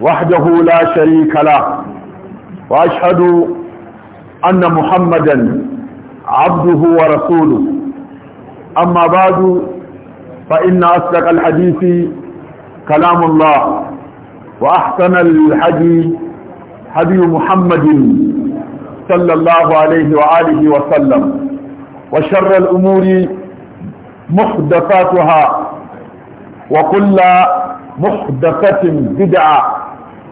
وحده لا شريك له وأشهد أن محمدا عبده ورسوله أما بعد فإن أصدق الحديث كلام الله وأحسن الحدي هدي محمد صلى الله عليه وآله وسلم وشر الأمور محدثاتها وكل محدثة بدعة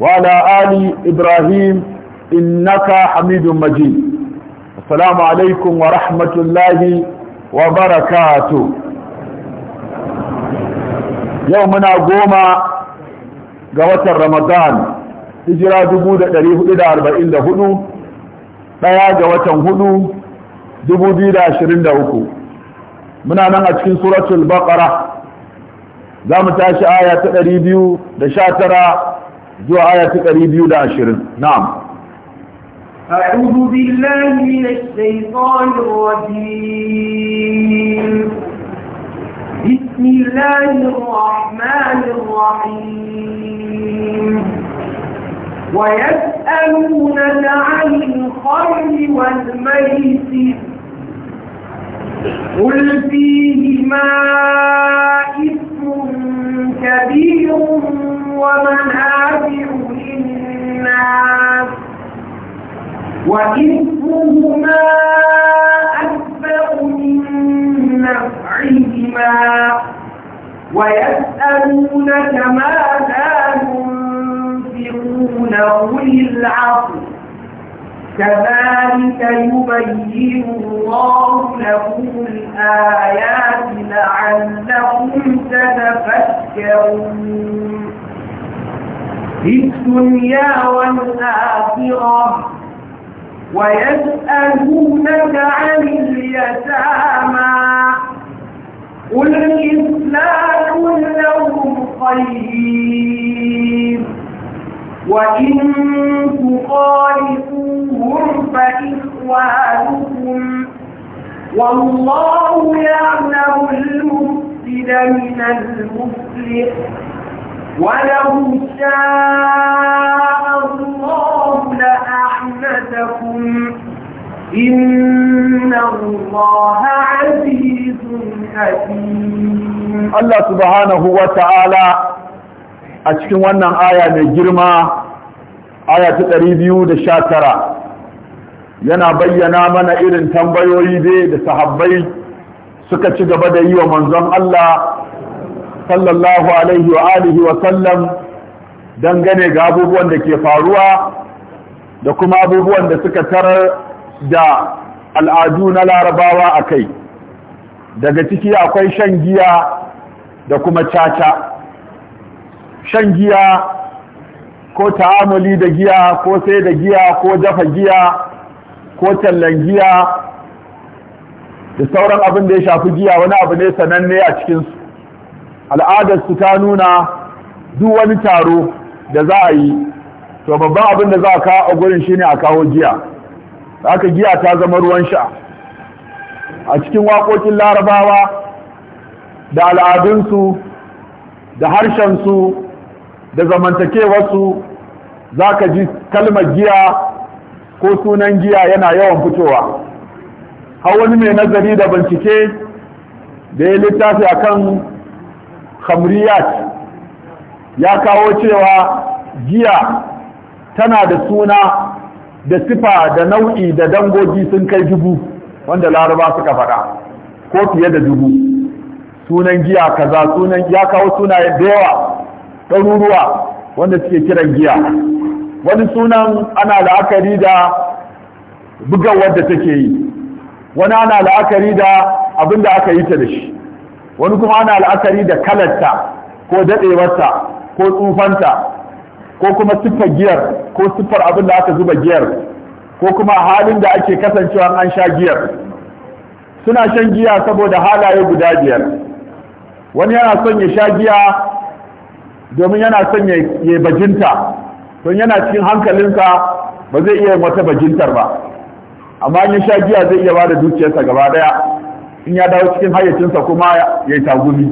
وعلى آل إبراهيم إنك حميد مجيد السلام عليكم ورحمة الله وبركاته يومنا قوما قوة رمضان هجرة دبودة دريه إلى أربعين دهنو ɗaya ga watan hudu dubu biyu da ashirin da uku muna nan a cikin suratul baqara za mu tashi aya ta ɗari biyu da sha tara آية قريب ta 220 نعم أعوذ بالله من الشيطان الرجيم بسم الله الرحمن الرحيم ويسألونك عن الخير والميسر قل فيهما إثم كبير ومنافع للناس وإثمهما أكبر من نفعهما ويسألونك ماذا ينفقون قل العقل كذلك يبين الله لكم الآيات لعلكم تتفكرون في الدنيا والآخرة ويسألونك عن اليتامى قل الإسلام لهم خير وإن تخالفوهم فإخوانكم والله يعلم المفسد من المفلح ولو شاء الله لأحمدكم إن الله عزيز حكيم الله سبحانه وتعالى a cikin wannan aya mai girma aya ta 219 yana bayyana mana irin tambayoyi dai da sahabbai suka ci gaba da yi wa manzon Allah sallallahu alaihi wa alihi wa sallam dangane ga abubuwan da ke faruwa da kuma abubuwan da suka tarar da al'adu na larabawa a kai daga ciki akwai shan giya da kuma caca shan giya ko ta'amuli da giya ko sai da giya ko dafa giya ko tallan giya da sauran abin da ya shafi giya wani abu ne sananne a cikinsu al'adarsu ta nuna duk wani taro da za a yi to babban abin da za a kawo a gurin shine a kawo giya haka giya ta zama ruwan sha a cikin waƙoƙin larabawa da al'adunsu da harshensu da zamantakewarsu za ka ji kalmar giya ko sunan giya yana yawan fitowa har wani mai nazari da bincike da ya littafi a kan khamriyat ya kawo cewa giya tana da suna da sifa da nau'i da dangogi sun kai dubu wanda laraba suka faɗa ko fiye da dubu sunan giya kaza sunan ya kawo sunaye da yawa ɗaruruwa wanda suke kiran giya wani sunan ana la'akari da bugawar da take yi wani ana la'akari da abin da aka yi ta da shi wani kuma ana la'akari da kalarta ko daɗewarta ko tsufanta ko kuma siffar giyar ko siffar abin da aka zuba giyar ko kuma halin da ake kasancewa an sha giyar suna shan giya saboda halaye guda biyar wani yana son ya sha giya domin yana son ya bajinta don yana cikin hankalinsa ba zai iya wata bajintar ba amma in sha giya zai iya da dukiyarsa gaba daya in ya dawo cikin hayyacinsa kuma ya yi tagumi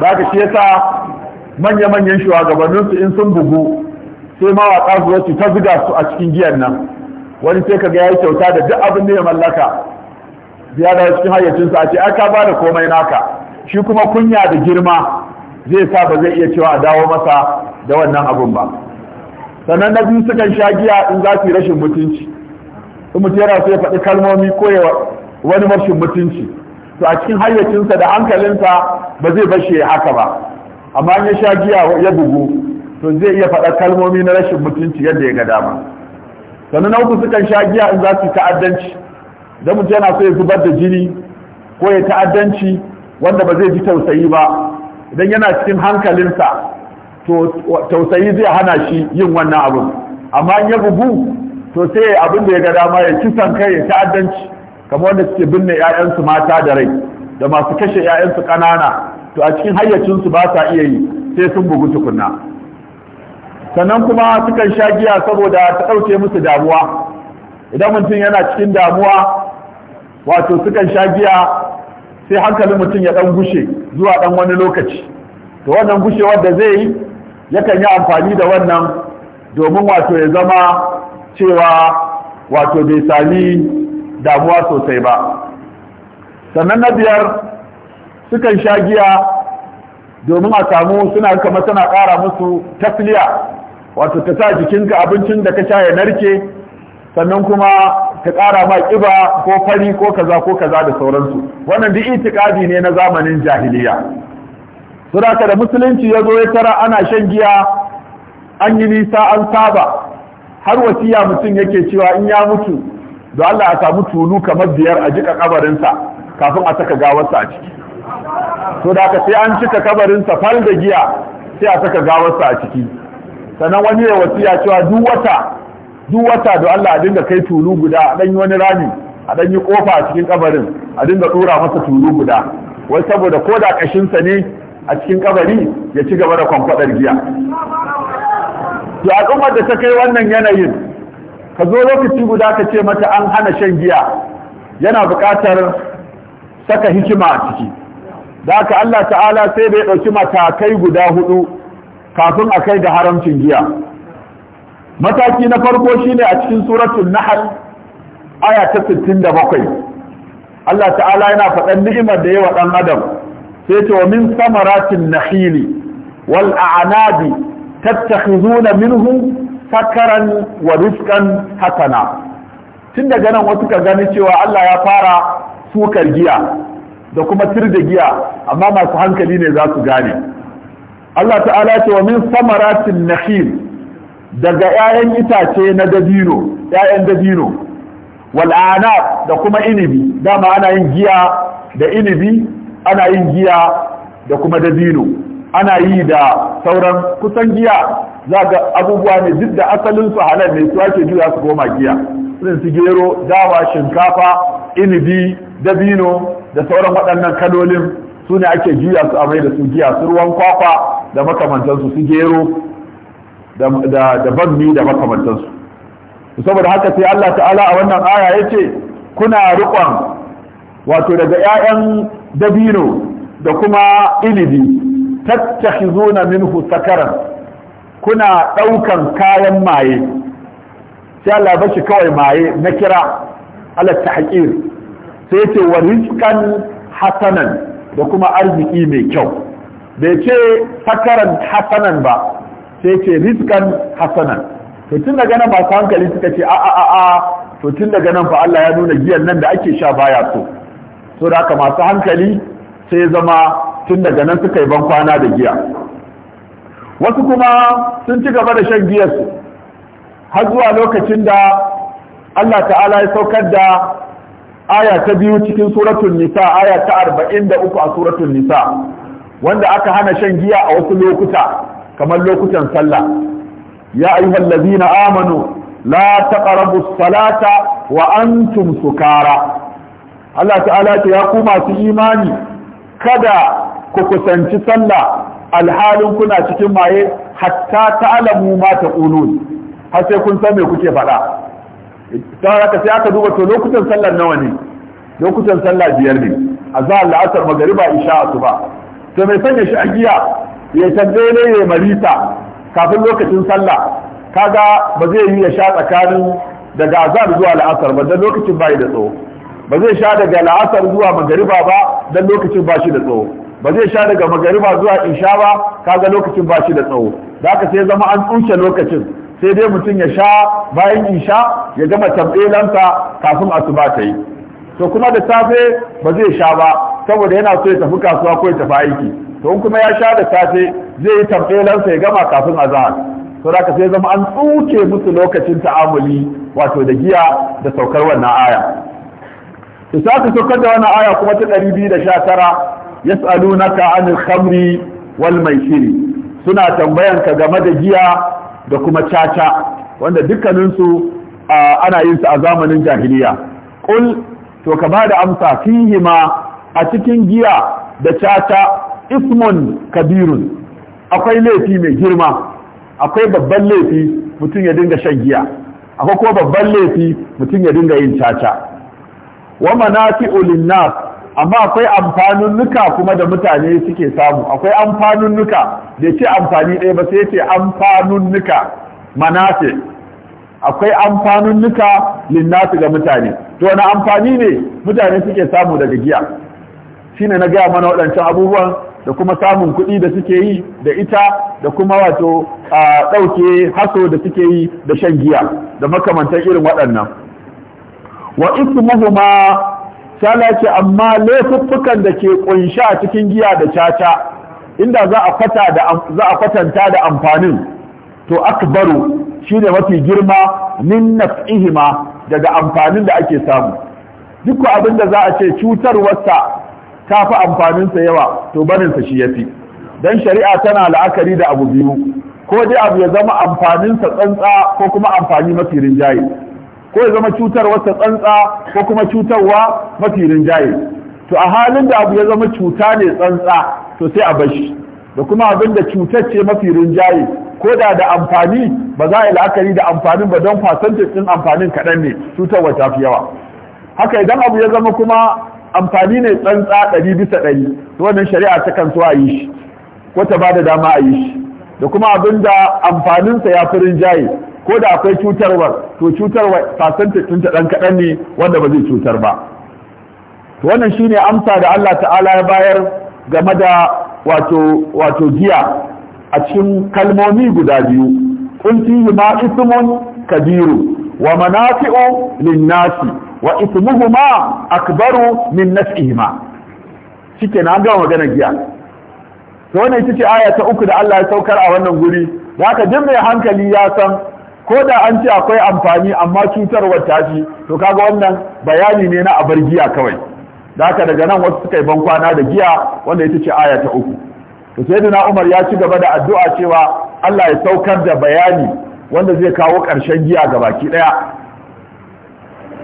ba ka shi yasa manya-manyan shugabanninsu in sun bugu sai mawaƙa su wasu ta zuga su a cikin giyan nan wani sai ka ga ya kyauta da duk abin da ya mallaka ya dawo cikin hayyacinsa a ce aka ba da komai naka shi kuma kunya da girma zai sa ba zai iya cewa a dawo masa da wannan abun ba sannan na biyu sukan sha giya in za su yi rashin mutunci in mutum yana so ya faɗi kalmomi ko ya wani rashin mutunci to a cikin hayyacinsa da hankalinsa ba zai bashe haka ba amma in ya sha giya ya bugu to zai iya faɗa kalmomi na rashin mutunci yadda ya ga dama sannan na uku sukan sha giya in za su yi ta'addanci idan mutum yana so ya zubar da jini ko ya ta'addanci wanda ba zai ji tausayi ba idan yana cikin hankalinsa to tausayi zai hana shi yin wannan abin amma in ya bugu to sai abin da ya ga dama ya ci san kai ya ta'addanci kamar wanda suke binne 'ya'yansu mata da rai da masu kashe 'ya'yansu ƙanana to a cikin hayyacinsu ba sa iya yi sai sun bugu tukunna sannan kuma sukan sha giya saboda ta ɗauke musu damuwa idan mutum yana cikin damuwa wato sukan sha giya sai hankalin mutum ya ɗan gushe zuwa ɗan wani lokaci to wannan gushewar da zai yi yakan yi amfani da wannan domin wato ya zama cewa wato bai sami damuwa sosai ba sannan na biyar sukan sha giya domin a samu suna kama tana ƙara musu tasliya wato ta sa jikinka abincin da ka sha ya narke sannan kuma ta ƙara ma ƙiba ko fari ko kaza ko kaza da sauransu wannan duk itikadi ne na zamanin jahiliya saboda da musulunci ya zo ya tara ana shan giya an yi nisa an saba har wasiya mutum yake cewa in ya mutu da Allah a samu tulu kamar biyar a jika kabarinsa kafin a saka gawarsa a ciki so da sai an cika kabarinsa fal da giya sai a saka gawarsa a ciki sannan wani ya wasiya cewa duk wata duk wata da Allah a dinga kai tulu guda a ɗanyi wani rami a ɗanyi ƙofa a cikin kabarin a dinga ɗora masa tulu guda wai saboda ko da ƙashinsa ne a cikin ƙabari ya ci gaba da kwankwaɗar giya to al'ummar da ta kai wannan yanayin ka zo lokaci guda ka ce mata an hana shan giya yana buƙatar saka hikima a ciki da haka Allah ta'ala sai da ya ɗauki matakai guda huɗu kafin a kai ga haramcin giya mataki na farko shine a cikin suratul nahl aya ta 67 Allah ta'ala yana faɗan ni'imar da yawa ɗan adam sai ce wa min samaratin nahili wal a'nabi tattakhizuna minhu sakaran wa rizqan hasana tun daga nan wasu ka gani cewa Allah ya fara sukar giya da kuma tirda giya amma masu hankali ne za su gane Allah ta'ala ce wa min samaratin nahil daga 'ya'yan itace na dabino 'ya'yan dabino wal'ana da kuma inibi dama ana yin giya da inibi ana yin giya da kuma dabino ana yi da sauran kusan giya za ga abubuwa ne duk da asalin su halal ne su ake juya su goma giya irin su gero dawa shinkafa inibi dabino da sauran waɗannan kalolin su ne ake juya su amai da su giya su ruwan kwakwa da makamantansu su gero da banmi da makamantansu saboda haka sai Allah ta'ala a wannan aya ya ce kuna riƙon wato daga 'ya'yan dabino da kuma inibi tattakhizuna minhu sakaran kuna ɗaukan kayan maye sai Allah bashi kawai maye na kira ala tahqir sai yace wa rizqan hasanan da kuma arziki mai kyau bai ce sakaran hasanan ba sai ce Riskan hasana to tun daga nan masu hankali suka ce a a a to tun daga nan fa Allah ya nuna giyan nan da ake sha baya so so da haka masu hankali sai zama tun daga nan suka yi ban kwana da giya wasu kuma sun ci gaba da shan giyarsu har zuwa lokacin da Allah ta'ala ya saukar da aya ta biyu cikin suratul nisa aya ta 43 a suratul nisa wanda aka hana shan giya a wasu lokuta kamar lokutan sallah ya ayyuhal ladina amanu la taqrabu salata wa antum sukara Allah ta'ala ce ya ku masu imani kada ku kusanci sallah alhalin kuna cikin maye hatta ta'lamu ma taqulun har sai kun san me kuke faɗa don haka sai aka duba to lokutan sallar nawa ne lokutan sallah biyar ne azhar la'asar magariba isha asuba to mai sanya shi a giya ya tambaye ya marita kafin lokacin sallah kaga ba zai yi ya sha tsakanin daga azar zuwa la'asar ba dan lokacin bai da tsawo ba zai sha daga la'asar zuwa magariba ba dan lokacin ba shi da tsawo ba zai sha daga magariba zuwa isha ba kaga lokacin ba shi da tsawo da haka sai zama an tsuce lokacin sai dai mutum ya sha bayan isha ya gama tambelansa kafin asuba ta yi to kuma da safe ba zai sha ba saboda yana so ya tafi kasuwa ko ya tafi aiki to in kuma ya sha da safe zai yi tambelansa ya gama kafin azahar to da ka sai zama an tsuke musu lokacin ta'amuli wato da giya da saukar wannan aya to sai ka saukar da wannan aya kuma ta 219 yas'alunaka anil khamri wal maisiri suna tambayan ka game da giya da kuma caca wanda dukkaninsu ana yin su a zamanin jahiliya qul to ka bada amsa fihi ma a cikin giya da caca ismun kabirun akwai laifi mai girma akwai babban laifi mutum ya dinga shan giya akwai kuma babban laifi mutum ya dinga yin caca wa manafi'u linnas amma akwai amfanin nuka kuma da mutane suke samu akwai amfanin nuka da ce amfani ɗaya ba sai ce amfanin nuka manafi akwai amfanin nuka linnasu ga mutane to wani amfani ne mutane suke samu daga giya shine na gaya mana waɗancan abubuwan da kuma samun kuɗi da suke yi da ita da kuma wato a ɗauke haso da suke yi da shan giya da makamantar irin waɗannan wa isu ismuhuma sala ce amma laifuffukan da ke ƙunshi a cikin giya da caca inda za a kwatanta da amfanin to akbaru shine mafi girma min naf'ihima daga amfanin da ake samu duk abin da za a ce cutarwarsa ta fi amfaninsa yawa to barinsa shi ya fi don shari'a tana la'akari da abu biyu ko dai abu ya zama amfaninsa tsantsa ko kuma amfani mafi rinjaye ko ya zama ta tsantsa ko kuma cutarwa mafi rinjaye to a halin da abu ya zama cuta ne tsantsa to sai a bashi da kuma abin da cutar ce mafi rinjaye ko da da amfani ba za a yi la'akari da amfanin ba don fasantin ɗin amfanin kaɗan ne cutarwa ta fi yawa haka idan abu ya zama kuma amfani ne tsantsa ɗari bisa ɗari wannan shari'a ta kan so a yi shi ko ta bada dama a yi shi da kuma abin da amfaninsa ya fi rinjaye ko da akwai cutarwar to cutarwar fasanta tun ta ɗan kaɗan ne wanda ba zai cutar ba to wannan shi ne amsa da Allah ta'ala ya bayar game da wato wato giya a cikin kalmomi guda biyu kun ci ma ismun kabiru wa manafi'u lin wa ismuhuma akbaru min nafsihima shike na ga magana giya to wannan ita ce aya ta uku da Allah ya saukar a wannan guri zaka jin mai hankali ya san ko da an ce akwai amfani amma cutarwar ta shi to kaga wannan bayani ne na abar giya kawai haka daga nan wasu suka yi bankwana da giya wanda ita ce aya ta uku to na Umar ya ci gaba da addu'a cewa Allah ya saukar da bayani wanda zai kawo ƙarshen giya ga baki ɗaya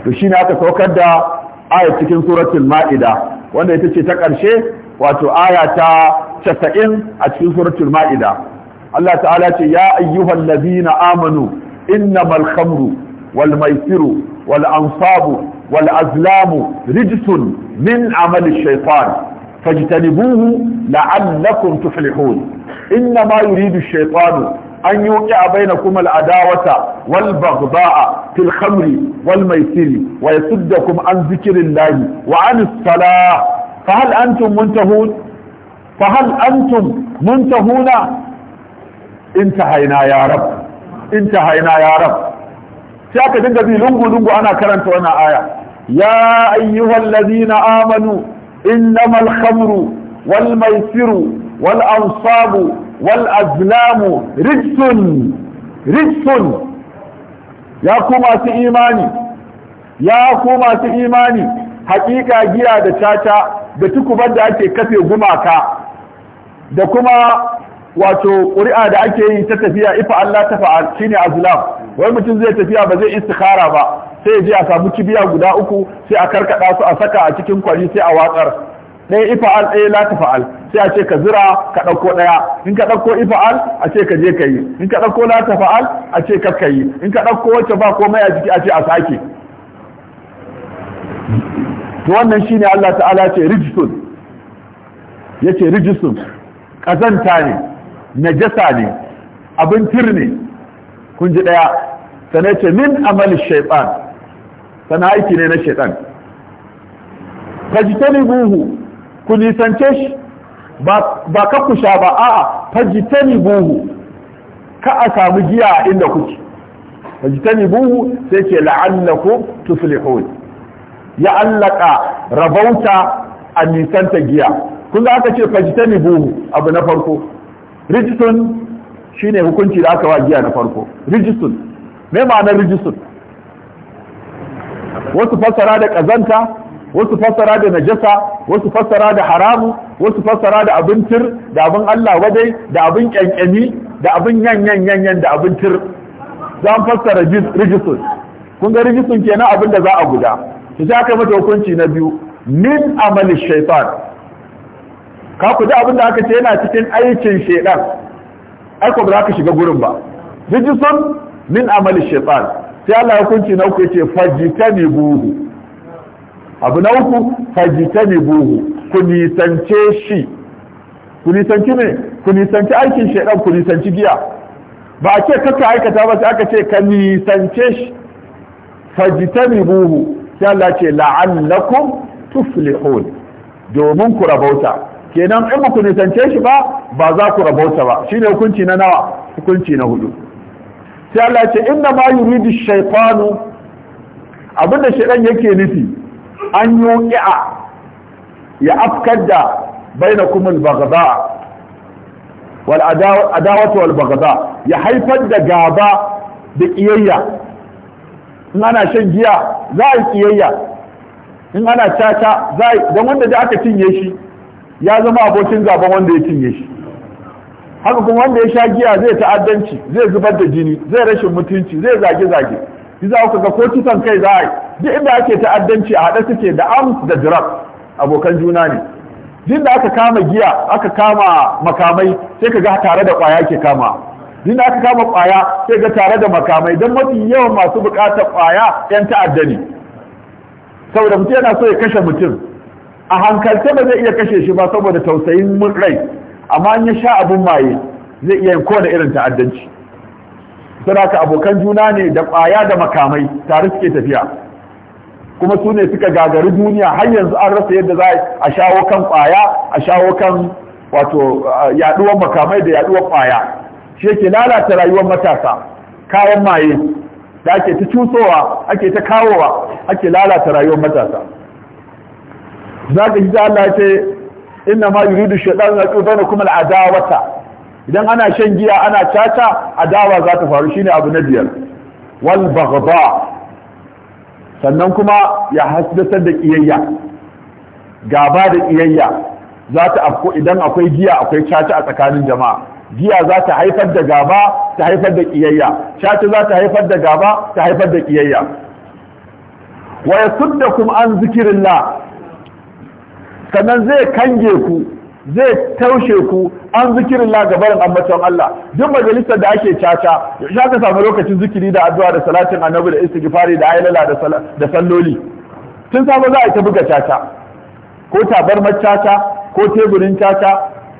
to shine aka saukar da aya cikin suratul ma'ida wanda ita ce ta ƙarshe wato aya ta 90 a cikin suratul ma'ida Allah ta'ala ce ya ayyuhal ladina amanu innamal khamru wal maisiru wal ansabu wal azlamu rijsun min amali shaytan فاجتنبوه لعلكم تفلحون إنما يريد الشيطان أن يوقع Al-adawata. والبغضاء في الخمر والميسر ويصدكم عن ذكر الله وعن الصلاة فهل أنتم منتهون فهل أنتم منتهون انتهينا يا رب انتهينا يا رب سيأتي تنقذي لنقو لنقو أنا كرنت وأنا آية يا أيها الذين آمنوا إنما الخمر والميسر والأنصاب والأزلام رجس رجس ya ku masu imani ya ku masu imani hakika giya da caca da tukubar da ake kafe gumaka da kuma wato ƙuri'a da ake yi ta tafiya ifa Allah ta fa'al shine azlam wai mutum zai tafiya ba zai istikhara ba sai ya je a samu kibiya guda uku sai a karkada su a saka a cikin kwari sai a watsar ɗaya ifa'al ɗaya la ta fa'al. sai a ce ka zira ka ɗauko ɗaya in ka ɗauko ifa'al a ce ka je ka yi in ka ɗauko la ta fa'al, a ce kar ka yi in ka ɗauko wacce ba komai a jiki a ce a sake to wannan shine Allah ta'ala ce rijsun yace rijsun kazanta ne najasa ne abin tir ne kun ji ɗaya sanai ce min amali shaitan sana aiki ne na shaitan buhu. ku nisance shi ba ka ku sha ba a'a fajitani buhu ka a samu giya a inda kuke fajitani buhu sai ce la'allaku tuflihun ya allaka rabauta a nisanta giya kun ga aka ce fajitani buhu abu na farko rijistun shine hukunci da aka wa giya na farko rijistun me ma'anar rijistun wasu fasara da ƙazanta. wasu fassara da najasa wasu fassara da haramu wasu fassara da abin tir da abin Allah wadai da abin kyankyani, da abin yanyan yanyan da abin tir za mu fassara rijisun kun ga rijisun kenan abin da za a guda su sha kai mata hukunci na biyu min amali shaitan ka ku ji abin da aka ce yana cikin aikin shaitan ai ko ba za ka shiga gurin ba rijisun min amali shaitan sai Allah hukunci na uku yace ce fajitani buhu abu na uku buhu ku nisance shi ku nisanci ne ku nisanci aikin shaidan ku nisanci giya ba a ce kaka aikata ba sai aka ce ka nisance shi buhu sai Allah ce la'allakum tuflihun domin ku rabauta kenan in ba ku nisance shi ba ba za ku rabauta ba shine hukunci na nawa hukunci na hudu sai Allah ce inna ma yuridu shaytanu abinda shaidan yake nufi an yi ya afkar da baina al-baghda wal adawatu wal ya haifar da gaba da kiyayya in ana shan giya za a yi kiyayya in ana caca za a don wanda da aka cinye shi ya zama abokin gaban wanda ya cinye shi haka kuma wanda ya sha giya zai ta'addanci zai zubar da jini zai rashin mutunci zai zage-zage shi za ku ga ko kisan kai za a yi duk inda ake ta'addanci a haɗe suke da am da drug abokan juna ne duk da aka kama giya aka kama makamai sai ka ga tare da ƙwaya ke kama duk da aka kama ƙwaya sai ga tare da makamai don mafi yawan masu buƙatar ƙwaya 'yan ta'adda ne saboda mutum yana so ya kashe mutum a hankalce ba zai iya kashe shi ba saboda tausayin rai amma in ya sha abun maye zai iya yin kowane irin ta'addanci ka abokan juna ne da ƙwaya da makamai tare suke tafiya kuma su ne suka gagari duniya har yanzu an rasa yadda za a shawo kan ƙwaya a shawo kan wato uh, yaduwar makamai da yaduwar ƙwaya shi yake lalata rayuwar matasa kayan maye da ake ta cusowa ake ta kawowa ake lalata rayuwar matasa za ka ji Allah ce inna ma yuridu shaytan yaqubana kuma al'adawata idan ana shan giya ana caca adawa za ta faru shine abu na biyar wal baghda sannan kuma ya hasdatar da kiyayya gaba da kiyayya za ta afko idan akwai giya akwai caca a tsakanin jama'a giya za ta haifar da gaba ta haifar da kiyayya caca za ta haifar da gaba ta haifar da kiyayya wa yasuddakum an zikrillah sannan zai kange ku zai taushe ku an zikirin la gabarin ambaton Allah duk majalisar da ake caca ya ka samu lokacin zikiri da addu'a da salatin annabi da istighfari da ayyala da da salloli tun sabo za a ta buga caca ko tabarmar caca ko teburin caca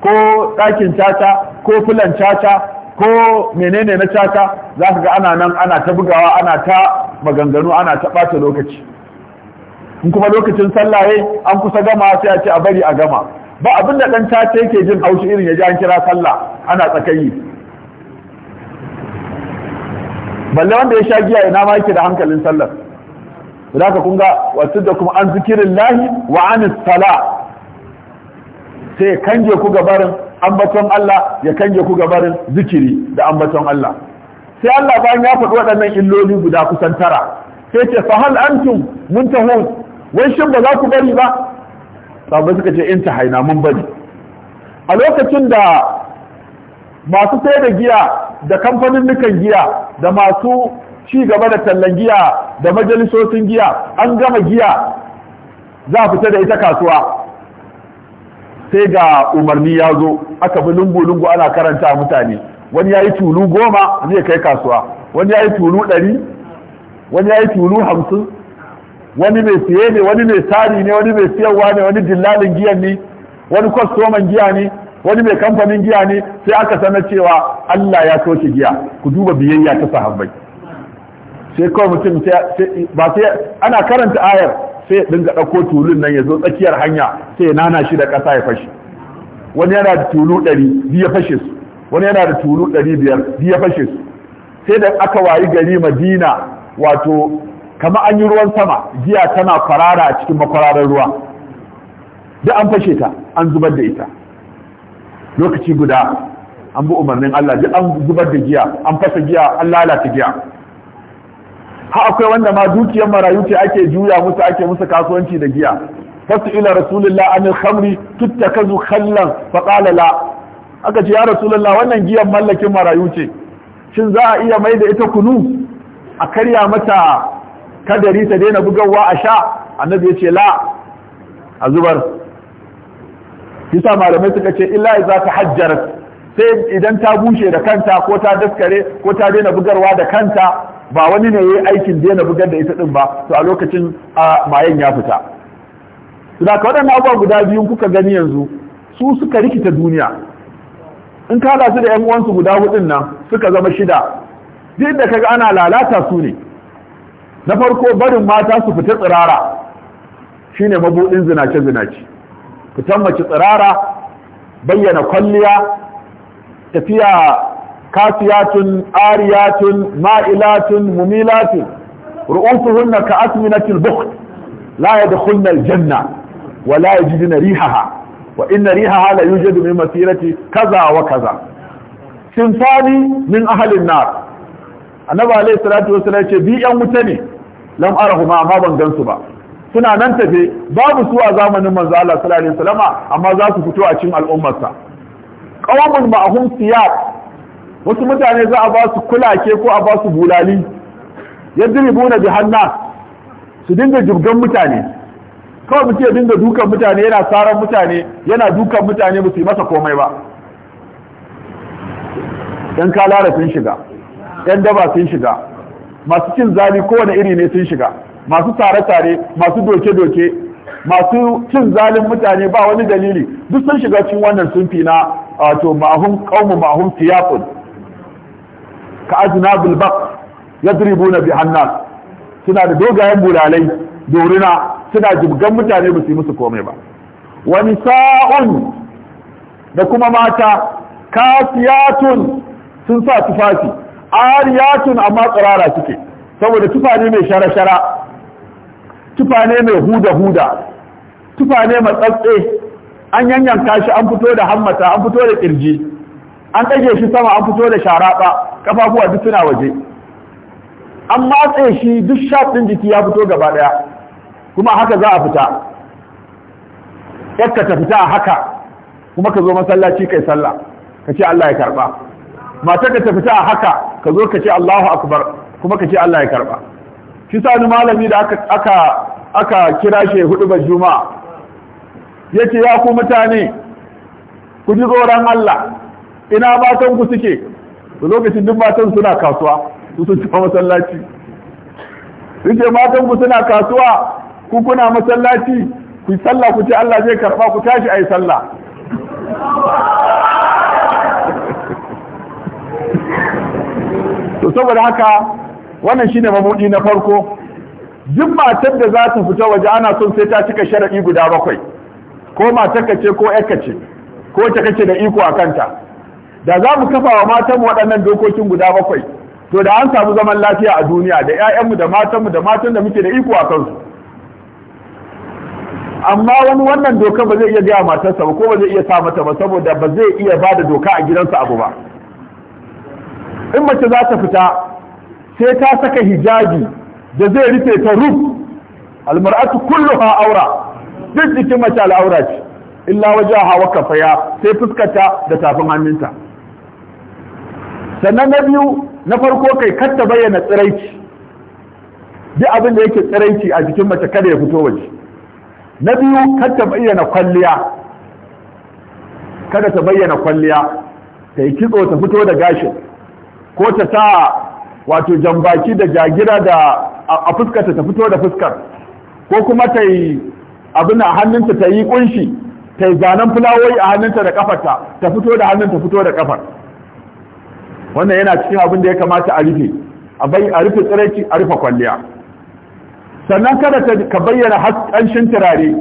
ko ɗakin caca ko filan caca ko menene na caca za ka ga ana nan ana ta bugawa ana ta maganganu ana ta ɓata lokaci in kuma lokacin sallah an kusa gama sai a ce a bari a gama ba abin da ɗan tace yake jin haushi irin ya ji an kira sallah ana tsakayi balle wanda ya sha giya ina ma yake da hankalin sallar da ka kunga wasu da kuma an zikirin lahi wa an sala sai kanje ku gabarin ambaton Allah ya kanje ku gabarin zikiri da ambaton Allah sai Allah bayan ya faɗi waɗannan illoli guda kusan tara sai ce fa hal antum muntahun wai shin ba za ku bari ba sabai suka ce in haina mun bari a lokacin da masu sai da giya da kamfanin nukan giya da masu ci gaba da tallan giya da majalisocin giya an gama giya za fita da ita kasuwa sai ga umarni ya zo aka bi lungu-lungu ana karanta mutane wani ya yi tulu goma zai kai kasuwa wani ya yi tulu ɗari wani ya yi tulu hamsin wani mai siye ne wani mai tari ne wani mai siyarwa ne wani dillalin giya ne wani kwastoman giya ne wani mai kamfanin giya ne sai aka sanar cewa Allah ya toshe giya ku duba biyayya ta sahabbai sai kawai mutum ba sai ana karanta ayar sai dinga ɗauko tulun nan ya zo tsakiyar hanya sai ya nana shi da ƙasa ya fashe wani yana da tulu ɗari biya fashe su wani yana da tulu ɗari biyar biya fashe su sai da aka wayi gari madina wato kama an yi ruwan sama giya tana farara a cikin makwararar ruwa duk an fashe ta an zubar da ita lokaci guda an bi umarnin Allah duk an zubar da giya an fasa giya an lalata giya ha akwai wanda ma dukiyar marayu ce ake juya musu ake musu kasuwanci da giya fasu ila rasulullah an khamri tuttakazu khallan fa qala la aka ce ya rasulullah wannan giyan mallakin marayu ce shin za a iya mai da ita kunu a karya mata kadari ta daina bugawa a sha annabi ya ce la a zubar yasa malamai suka ce illa za ta hajjar sai idan ta bushe da kanta ko ta daskare ko ta daina bugarwa da kanta ba wani ne yayi aikin daina bugar da ita din ba to a lokacin a mayan ya fita sai ka wadannan abubuwa guda biyun kuka gani yanzu su suka rikita duniya in ka su da 'yan uwansu guda hudun nan suka zama shida duk da kaga ana lalata su ne na farko barin mata su fita tsirara shine mabudin zinace zinace fitan mace tsirara bayyana kwalliya tafiya kasiyatun ariyatun ma'ilatun mumilatun ru'usuhunna ka asminatil bukht la yadkhulna aljanna wa la yajiduna rihaha wa inna rihaha la yujadu min masirati kaza wa kaza sinfani min ahli an-nar annabi alayhi salatu wasallam yace bi yan wuta ne lam arahuma amma ban gansu ba suna nan tafe babu su a zamanin manzo Allah sallallahu alaihi wasallama amma za su fito a cikin al'ummarsa qawmun ma'hum siyab wasu mutane za a ba su kulake ko a ba su bulali yadribuna bi hanna su dinga jirgan mutane kawai mutum ya dinga dukan mutane yana saran mutane yana dukan mutane ba su yi masa komai ba dan ka larafin shiga yan daba sun shiga masu cin zali kowane iri ne sun shiga masu tare-tare masu doke-doke masu cin zalin mutane ba wani dalili duk sun shiga cin wannan sunfi na wato mahun qaumu mahun tiyaqun ka aznabil baq na bi hannas suna da dogayen bulalai doruna suna jibgan mutane ba su yi musu komai ba wani sa'un da kuma mata kasiyatun sun sa tufafi ariyatun amma tsirara suke saboda tufane mai shara-shara tufane mai huda-huda tufane matsatse an yanyanka shi an fito da hammata an fito da kirji an ɗage shi sama an fito da sharaɓa kafafuwa duk suna waje an matse shi duk shaf ɗin jiki ya fito gaba ɗaya kuma haka za a fita yakka ta fita a haka kuma ka zo masallaci kai sallah ka ce Allah ya karɓa mata ka ta a haka ka zo ka ce Allahu akbar kuma ka ce Allah ya karba shi sa ni malami da aka aka aka kira shi hudu ba juma'a yace ya ku mutane ku ji tsoron Allah ina matan ku suke lokacin duk matan suna kasuwa su sun tafi masallaci yace matan ku suna kasuwa ku kuna masallaci ku sallah ku ce Allah zai karba ku tashi ayi sallah to saboda haka wannan shine mabudi na farko duk matar da za ta fita waje ana son sai ta cika sharaɗi guda bakwai ko matar ka ce ko ƴarka ce ko ta kace da iko a kanta da za mu kafa wa matanmu waɗannan dokokin guda bakwai to da an samu zaman lafiya a duniya da ƴaƴanmu da matanmu da matan da muke da iko a kansu amma wani wannan doka ba zai iya gaya matarsa ba ko ba zai iya sa mata ba saboda ba zai iya bada doka a gidansa abu ba in mace za ta fita sai ta saka hijabi da zai rufe ta ruf almar'atu kulluha aura duk jikin mace al'aura ce illa wajaha wa kafaya sai fuskarta da tafin hannunta sannan na biyu na farko kai kar ta bayyana tsiraici duk abin da yake tsiraici a jikin mace kada ya fito waje na biyu kar ta bayyana kwalliya kada ta bayyana kwalliya ta yi kitso ta fito da gashin ko ta sa wato jambaki da jagira da a fuskar ta fito da fuskar ko kuma ta yi abin a hannunta ta yi kunshi ta yi zanen fulawoyi a hannunta da kafarta ta fito da hannunta fito da kafar wannan yana cikin abin da ya kamata a rufe a rufe tsiraici a rufe kwalliya sannan kada ka bayyana ƙanshin turare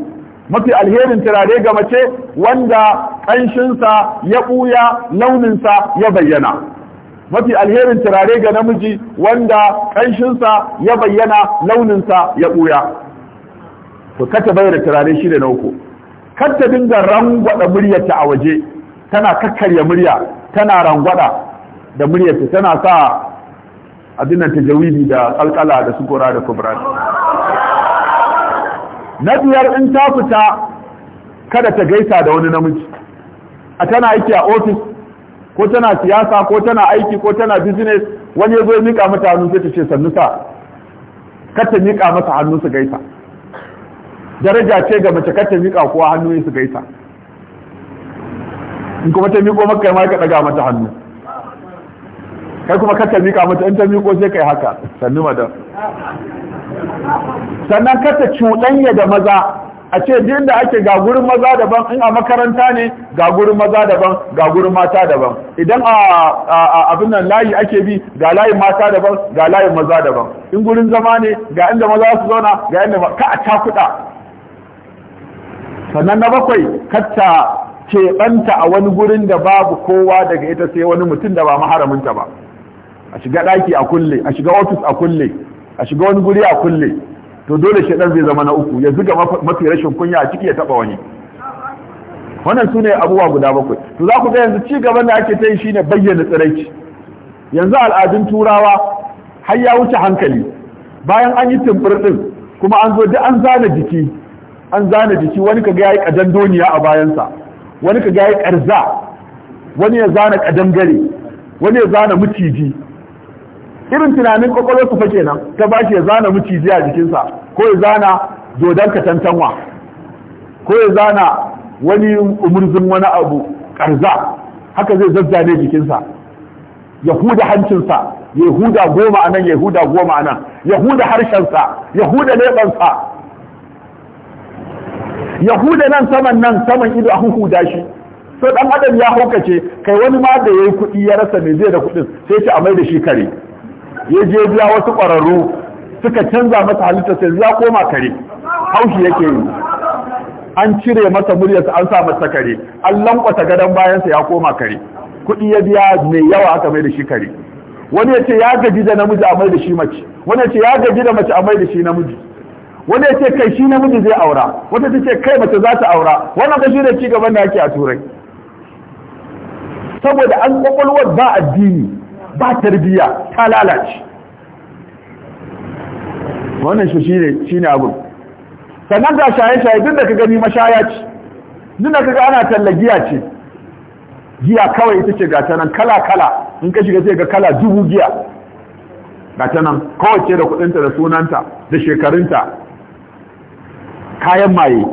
mafi alherin turare ga mace wanda ƙanshinsa ya ɓuya launinsa ya bayyana mafi alherin turare ga namiji wanda kanshinsa ya bayyana launinsa ya ɓuya to kata bayar da turare shi da na kata dinga rangwada muryarta a waje tana kakkarya murya tana rangwada da muryarta tana sa abin nan tajawibi da kalkala da sukura da kubra na biyar in ta fita kada ta gaisa da wani namiji a tana yake a ofis ko tana siyasa ko tana aiki ko tana business wani ya zo ya mika mata hannu sai ta ce sannu sa kar ta mika masa hannu su gaisa daraja ce ga mace kar ta mika kuwa hannu su gaisa in kuma ta miko maka ma ka daga mata hannu kai kuma kar ta mika mata in ta miko sai kai haka sannu madam sannan kar ta cuɗanya da maza a ce din da ake ga gurin maza daban in a makaranta ne ga gurin maza daban ga gurin mata daban idan a abin nan layi ake bi ga layin mata daban ga layin maza daban in gurin zama ne ga inda maza su zauna ga inda ka a kuɗa. sannan na bakwai katta keɓanta a wani gurin da babu kowa daga ita sai wani mutum da ba maharaminta ba a shiga ɗaki a kulle a shiga ofis a kulle a shiga wani guri a kulle to dole ɗan zai zama na uku ya zuga mafi rashin kunya a ciki ya taba wani wannan su ne abubuwa guda bakwai to za ku ga yanzu ci gaban da ake ta yi shine bayyana tsiraici yanzu al'adun turawa har ya wuce hankali bayan an yi tumbur din kuma an zo duk an zana jiki an zana jiki wani kaga yayi kadan doniya a bayansa wani kaga yayi karza wani ya zana kadan gare wani ya zana miciji irin tunanin kwakwalwar su fa kenan ta ba shi ya zana mucizi a jikinsa ko ya zana dodon tantanwa, ko ya zana wani umurzin wani abu karza haka zai ne jikinsa ya huda hancinsa ya huda goma anan ya huda goma anan ya huda harshensa ya huda lebansa ya huda nan saman nan saman ido an huda shi sai dan adam ya haukace kai wani ma da yayi kuɗi ya rasa me zai da kuɗin sai ce a mai da shi kare ya je biya wasu ƙwararru suka canza masa halitta sai ya koma kare haushi yake yi an cire masa muryarsa an sa masa kare an lankwata gadon bayansa ya koma kare kuɗi ya biya mai yawa aka mai da shi kare wani ya ce ya gaji da namiji a mai da shi mace wani ya ce ya gaji da mace a mai da shi namiji wani ya ce kai shi namiji zai aura wata ta ce kai mace za ta aura wannan ba shi ne gaban da ake a turai saboda an kwakwalwar ba addini ba tarbiya ta lalace wannan shi shi ne abu sannan za shaye-shaye duk da ka gani mashaya ce duk da ka ga ana tallagiya ce giya kawai ita ce ga ta nan kala-kala in ka shiga sai ga kala dubu giya ga ta nan kowace da kudinta da sunanta da shekarunta kayan maye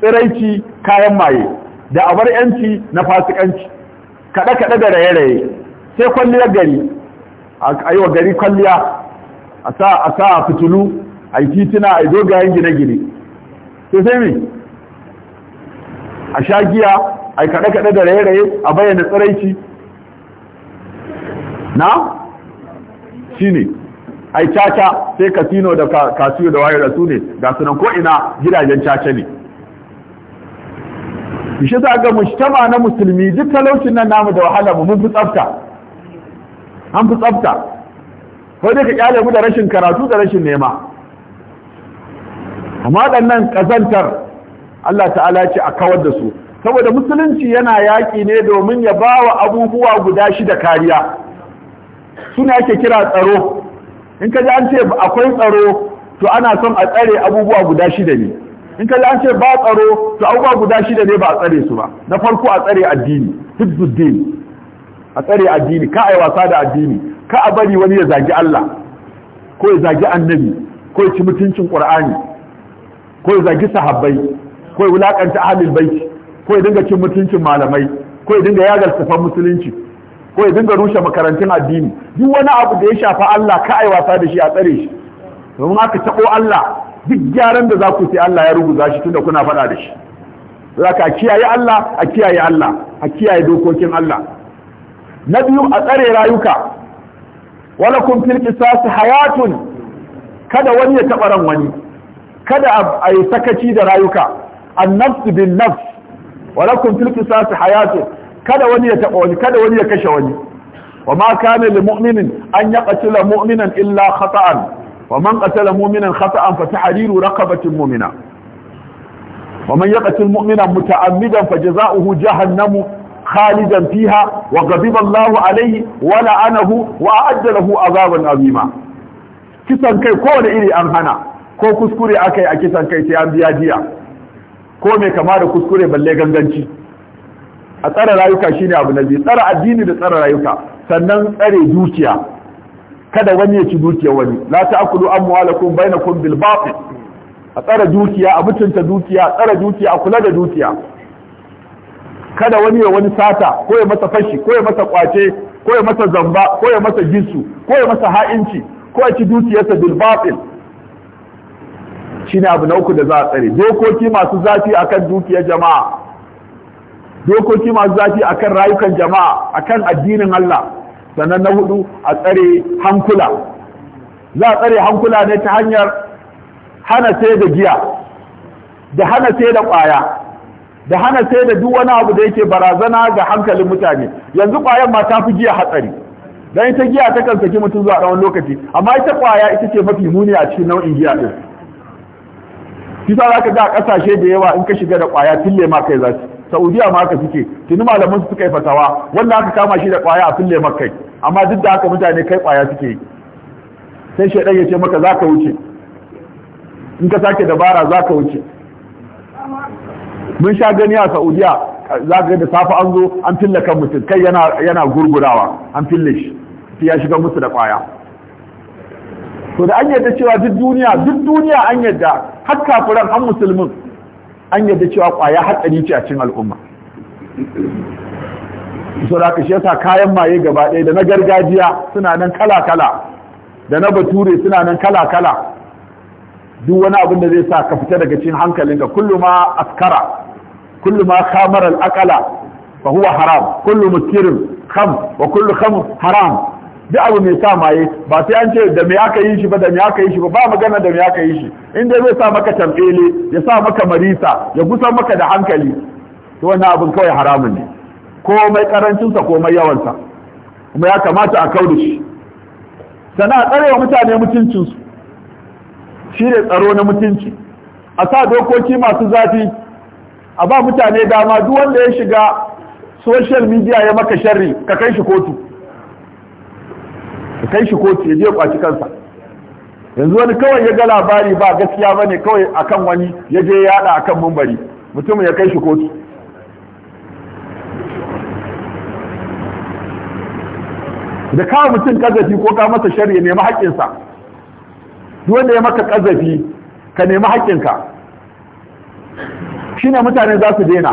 tsiraici kayan maye da abar yanci na fasikanci kaɗe-kaɗe da raye-raye sai kwalliyar gari a yi wa gari kwalliya a sa a fitulu a yi titina a yi dogayen gine-gine sai sai mi a sha giya a yi kaɗe-kaɗe da raye-raye a bayyana tsiraici na shi ne a yi caca sai kasino da kasiyo da wayar da su ne ga sunan ko'ina gidajen caca ne shi za ga mujtama na musulmi duk talaucin nan namu da wahala mu mun fi tsafta an fi tsafta ko dai ka kyale mu da rashin karatu da rashin nema amma nan ƙazantar Allah ta'ala ce a kawar da su saboda musulunci yana yaƙi ne domin ya ba wa abubuwa guda shida kariya suna ake kira tsaro in ka ji an ce akwai tsaro to ana son a tsare abubuwa guda shida ne in ka ji an ce ba tsaro to abubuwa guda shida ne ba a tsare su ba na farko a tsare addini hizbuddin a tsare addini ka ai wasa da addini ka a bari wani ya zagi Allah ko ya zagi annabi ko ya ci mutuncin qur'ani ko ya zagi sahabbai ko ya wulakanta ahlul bait ko ya dinga cin mutuncin malamai ko ya dinga yagar sufan musulunci ko ya dinga rushe makarantun addini duk wani abu da ya shafa Allah ka yi wasa da shi a tsare shi domin aka taɓo Allah duk gyaran da za ku sai Allah ya rubuta shi tunda kuna faɗa da shi za ka kiyaye Allah a kiyaye Allah a kiyaye dokokin Allah na biyu a tsare rayuka wala kun fil qisas hayatun kada wani ya taba ran wani kada a yi sakaci da rayuka annafs bin nafs wala kun fil qisas hayatun kada wani ya taba wani kada wani ya kashe wani وما كان لمؤمن أن يقتل مؤمنا إلا خطأ ومن قتل مؤمنا خطأ فتحرير رقبة مؤمنة ومن يقتل مؤمنا متعمدا فجزاؤه جهنم khalidan fiha wa ghadiba Allahu alaihi wa la'anahu wa a'adda lahu azaban azima kisan kai kowane iri an hana ko kuskure akai a kisan kai sai an biya jiya ko mai kama da kuskure balle ganganci a tsara rayuka shine abu na biyu tsara addini da tsara rayuka sannan tsare dukiya kada wani ya ci dukiyar wani la ta'kulu amwalakum bainakum bil batil a tsara dukiya a mutunta dukiya a tsara dukiya a kula da dukiya kada wani ya wani sata ko ya masa fashi ko ya masa kwace ko ya masa zamba ko ya masa gisu ko ya masa ha'inci ko ya ci dukiyarsa bil batil shine abu na da za a tsare dokoki masu zafi akan dukiyar jama'a dokoki masu zafi akan rayukan jama'a akan addinin Allah sannan na hudu a tsare hankula za a tsare hankula ne ta hanyar hana sai da giya da hana sai da kwaya da hana sai da duk wani abu da yake barazana ga hankalin mutane yanzu kwayan ma ta fi giya hatsari dan ita giya ta kan saki mutum zuwa ɗan lokaci amma ita ƙwaya ita ce mafi muni a cikin nau'in giya ɗin kisa za ka ga kasashe da yawa in ka shiga da ƙwaya fille ma kai za su saudiya ma haka suke tuni malaman su suka yi fatawa wanda aka kama shi da ƙwaya a fille ma kai amma duk da haka mutane kai ƙwaya suke yi sai shaidan ya ce maka za ka wuce in ka sake dabara za ka wuce mun sha gani a saudiya za ga da safe an zo an fille kan mutum kai yana gurgurawa an fille shi ya shiga musu da kwaya to da an yadda cewa duk duniya duk duniya an yadda har kafiran har musulmin an yadda cewa kwaya hatsari ce a cikin al'umma so da kashi yasa kayan maye gaba ɗaya da na gargajiya suna nan kala kala da na bature suna nan kala kala duk wani abin da zai sa ka fita daga cikin hankalinka kullu ma askara كل ما خامر al فهو حرام كل haram خم وكل خم wa da abu mai sa maye ba sai an ce da me aka yi shi ba da me aka yi shi ba ba magana da me aka yi shi in dai zai sa maka tambele ya sa maka marisa ya gusa maka da hankali to wannan abin kawai haramun ne komai karancinsa komai yawansa kuma ya kamata a kauda shi sana tsarewa mutane mutuncinsu shi ne tsaro na mutunci a sa dokoki masu zafi a ba mutane dama duk wanda ya shiga social media ya maka sharri ka kai shi kotu ka kai shi kotu ya je kwaci kansa yanzu wani kawai ya ga labari ba gaskiya ba ne kawai akan wani ya je ya yada akan mumbari mutum ya kai shi kotu da kawai mutum kazafi ko ka masa shari ya nemi haƙƙinsa duk wanda ya maka kazafi ka nemi haƙƙinka ne mutane za su daina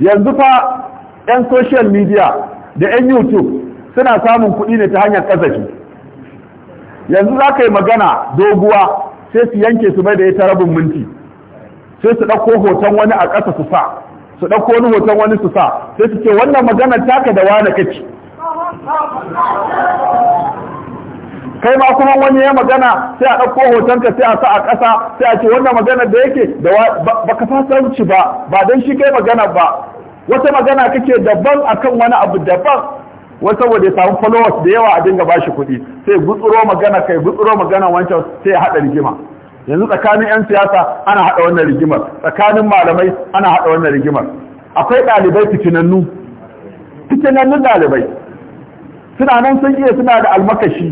yanzu fa 'yan social media da 'yan youtube suna samun kuɗi ne ta hanyar ƙazafi yanzu za ka yi magana doguwa sai su yanke su mai da ita rabin minti sai su ɗauko hoton wani a ƙasa su sa su ɗauko wani hoton wani su sa sai su ce wannan magana taka da wani kaci kai ma kuma wani ya magana sai a ɗauko hoton ka sai a sa a ƙasa sai a ce wannan magana da yake da ba ka fasanci ba ba don shi kai magana ba wata magana kake daban akan wani abu daban wata saboda ya samu followers da yawa a dinga bashi kuɗi sai gutsuro magana kai gutsuro magana wancan sai ya haɗa rigima yanzu tsakanin 'yan siyasa ana haɗa wannan rigimar tsakanin malamai ana haɗa wannan rigimar akwai ɗalibai fitinannu fitinannun ɗalibai suna nan sun iya suna da almakashi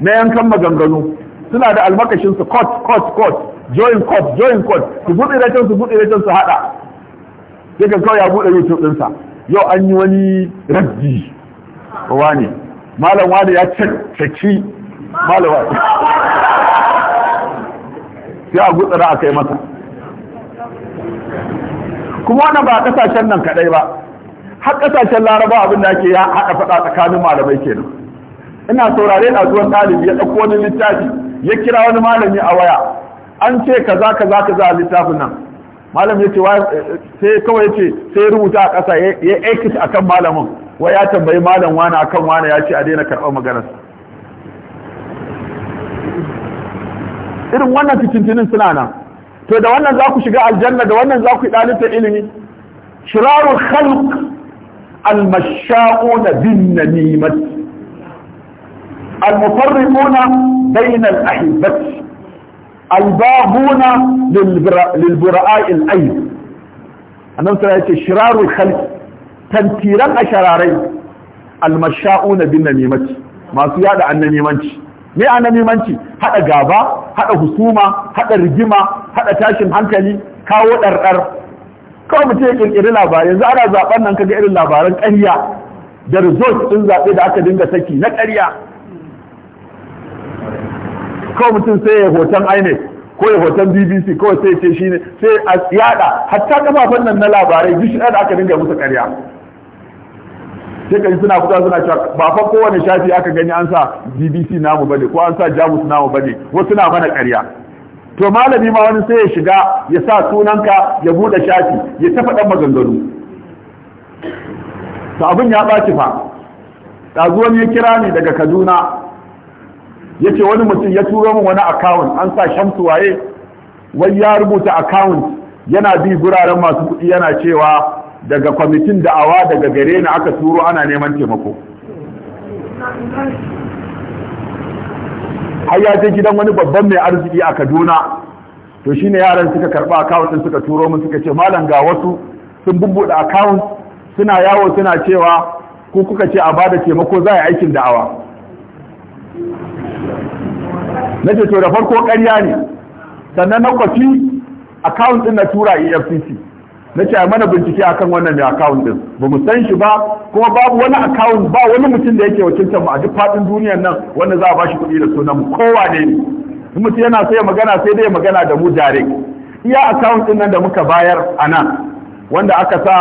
na yankan maganganu suna da almakashin su court court court join court join court su buɗe racin su buɗe racin su haɗa sai kan kawai ya buɗe youtube ɗinsa yau an yi wani rabbi wani malam wani ya caccaki malam wani sai a gutsara a kai masa kuma wani ba a kasashen nan kaɗai ba har kasashen laraba abin da ake ya haɗa faɗa tsakanin malamai kenan ina saurare zuwan ɗalibi ya ɗauko wani littafi ya kira wani malami a waya an ce kaza kaza kaza a littafin nan malam ya ce sai kawai ya ce sai rubuta a ƙasa ya aikata akan malamin wai ya tambayi malam wani akan wani ya ce a daina karɓar maganar irin wannan fitintinin suna nan to da wannan za ku shiga aljanna da wannan za ku yi ɗalibtar ilimi shirarul khalq al-mashaquna bin namimati المفرقون بين الأحبة الباغون للبراء الأيب annan sura ya ce shirarul khalq tantiran ashararai almasha'una bin namimati masu yada annamimanci me annamimanci Haɗa gaba haɗa husuma haɗa rigima haɗa tashin hankali kawo ɗarɗar. kawai mutum ya kirkiri labarai yanzu ana zaben nan kaga irin labaran ƙarya da result ɗin zabe da aka dinga saki na ƙarya kawai mutum sai ya hoton INEC ko ya hoton BBC kawai sai ce ne sai a yada hatta kafafen nan na labarai duk da aka dinga musu karya. sai suna fitowa suna cewa ba fa kowane shafi aka gani an sa BBC namu bane ko an sa Jamus namu bane wasu suna mana karya. to malami ma wani sai ya shiga ya sa sunanka ya bude shafi ya ta faɗan maganganu to abin ya ɓaci fa ɗazu wani ya kira ni daga Kaduna yace wani mutum ya turo min wani account an sa shamsu waye wai ya rubuta account yana bi guraren masu kuɗi yana cewa daga kwamitin da'awa daga gare ni aka turo ana neman taimako har ya je gidan wani babban mai arziki a Kaduna to shine yaran suka karba account din suka turo min suka ce malam ga wasu sun bubbuɗe account suna yawo suna cewa ko kuka ce a bada taimako za a yi aikin da'awa na ce to da farko karya ne sannan na kwafi account din na tura EFCC na ce a mana bincike akan wannan ne account din ba mu san shi ba kuma babu wani account ba wani mutum da yake wakiltar mu a duk faɗin duniyar nan wanda za a shi kuɗi da sunan mu kowa ne in mutum yana sai magana sai dai magana da mu direct iya account din nan da muka bayar a nan wanda aka sa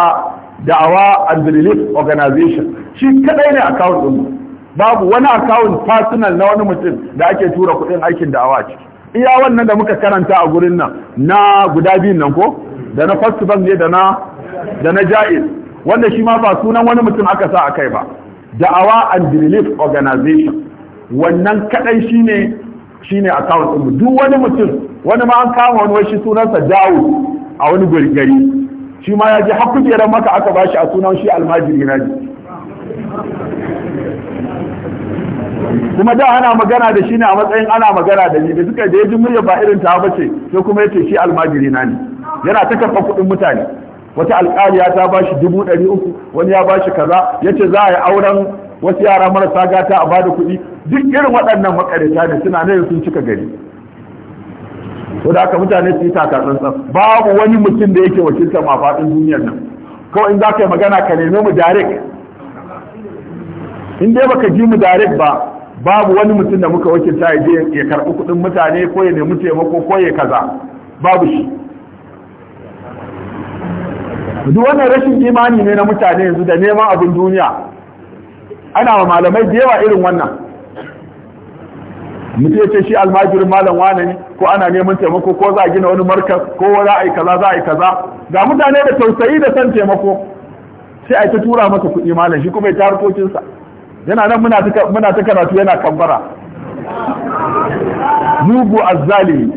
da'awa and relief organization shi kadai ne account din babu wani akawun personal na wani mutum da ake tura kuɗin aikin da'awa a ciki iya wannan da muka karanta a gurin nan na guda biyun nan ko da na first bank ne da na jail wanda shi ma ba sunan wani mutum aka sa a kai ba da'awa and relief organization wannan kadai shi ne akawun din duk wani mutum wani ma an kama wani shi sunansa jawo a wani gari shi ma ya ji hakujeran maka aka bashi a sunan shi almajiri na ji kuma da ana magana da shi ne a matsayin ana magana da ni da suka da yaji murya ba irin ta ce sai kuma yace shi almajiri na ne yana ta kafa kuɗin mutane wata alƙaliya ta ba shi dubu ɗari uku wani ya ba kaza yace za a yi auren wasu yara marasa gata a bada kuɗi duk irin waɗannan makarita ne suna ne sun cika gari ko da aka mutane su yi tsantsan babu wani mutum da yake wakiltar ma faɗin duniyar nan kawai in za ka yi magana ka nemi mu direct in dai baka ji mu direct ba babu wani mutum da muka wakilta ya je ya karɓi kuɗin mutane ko ya nemi taimako ko ya kaza babu shi duk wannan rashin imani ne na mutane yanzu da neman abin duniya ana wa malamai da yawa irin wannan mutum ce shi almajirin malam wane ne ko ana neman taimako ko za a gina wani markas ko za a yi kaza za a yi kaza ga mutane da tausayi da san taimako sai a ta tura masa kuɗi malam shi kuma ya ta harkokinsa yana nan muna ta karatu yana kambara mugu azali.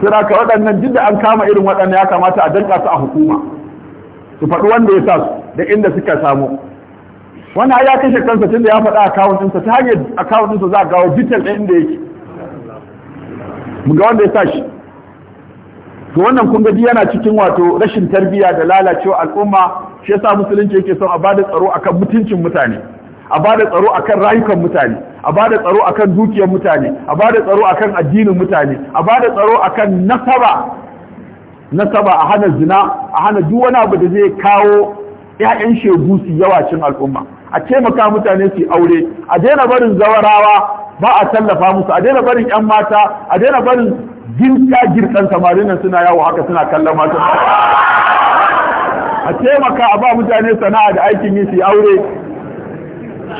suna ka waɗannan jidda an kama irin waɗannan ya kamata a danka su a hukuma su faɗi wanda ya sa su da inda suka samu wani ya kashe kansa tunda ya faɗa akawun ɗinsa ta hanyar akawun ɗinsa za a gawo detail ɗin da yake mu ga wanda ya sa shi to wannan kun gadi yana cikin wato rashin tarbiyya da lalacewa al'umma shi yasa musulunci yake son a bada tsaro akan mutuncin mutane a bada tsaro akan rayukan mutane a bada tsaro akan dukiyar mutane a bada tsaro akan addinin mutane a bada tsaro akan nasaba nasaba a hana zina a hana duk wani abu da zai kawo ƴaƴan shegu su yawa cin al'umma a taimaka mutane su aure a daina barin zawarawa ba a tallafa musu a daina barin ƴan mata a daina barin girka girkan samarin nan suna yawo haka suna kallon matan a taimaka a ba mutane sana'a da aikin yi su aure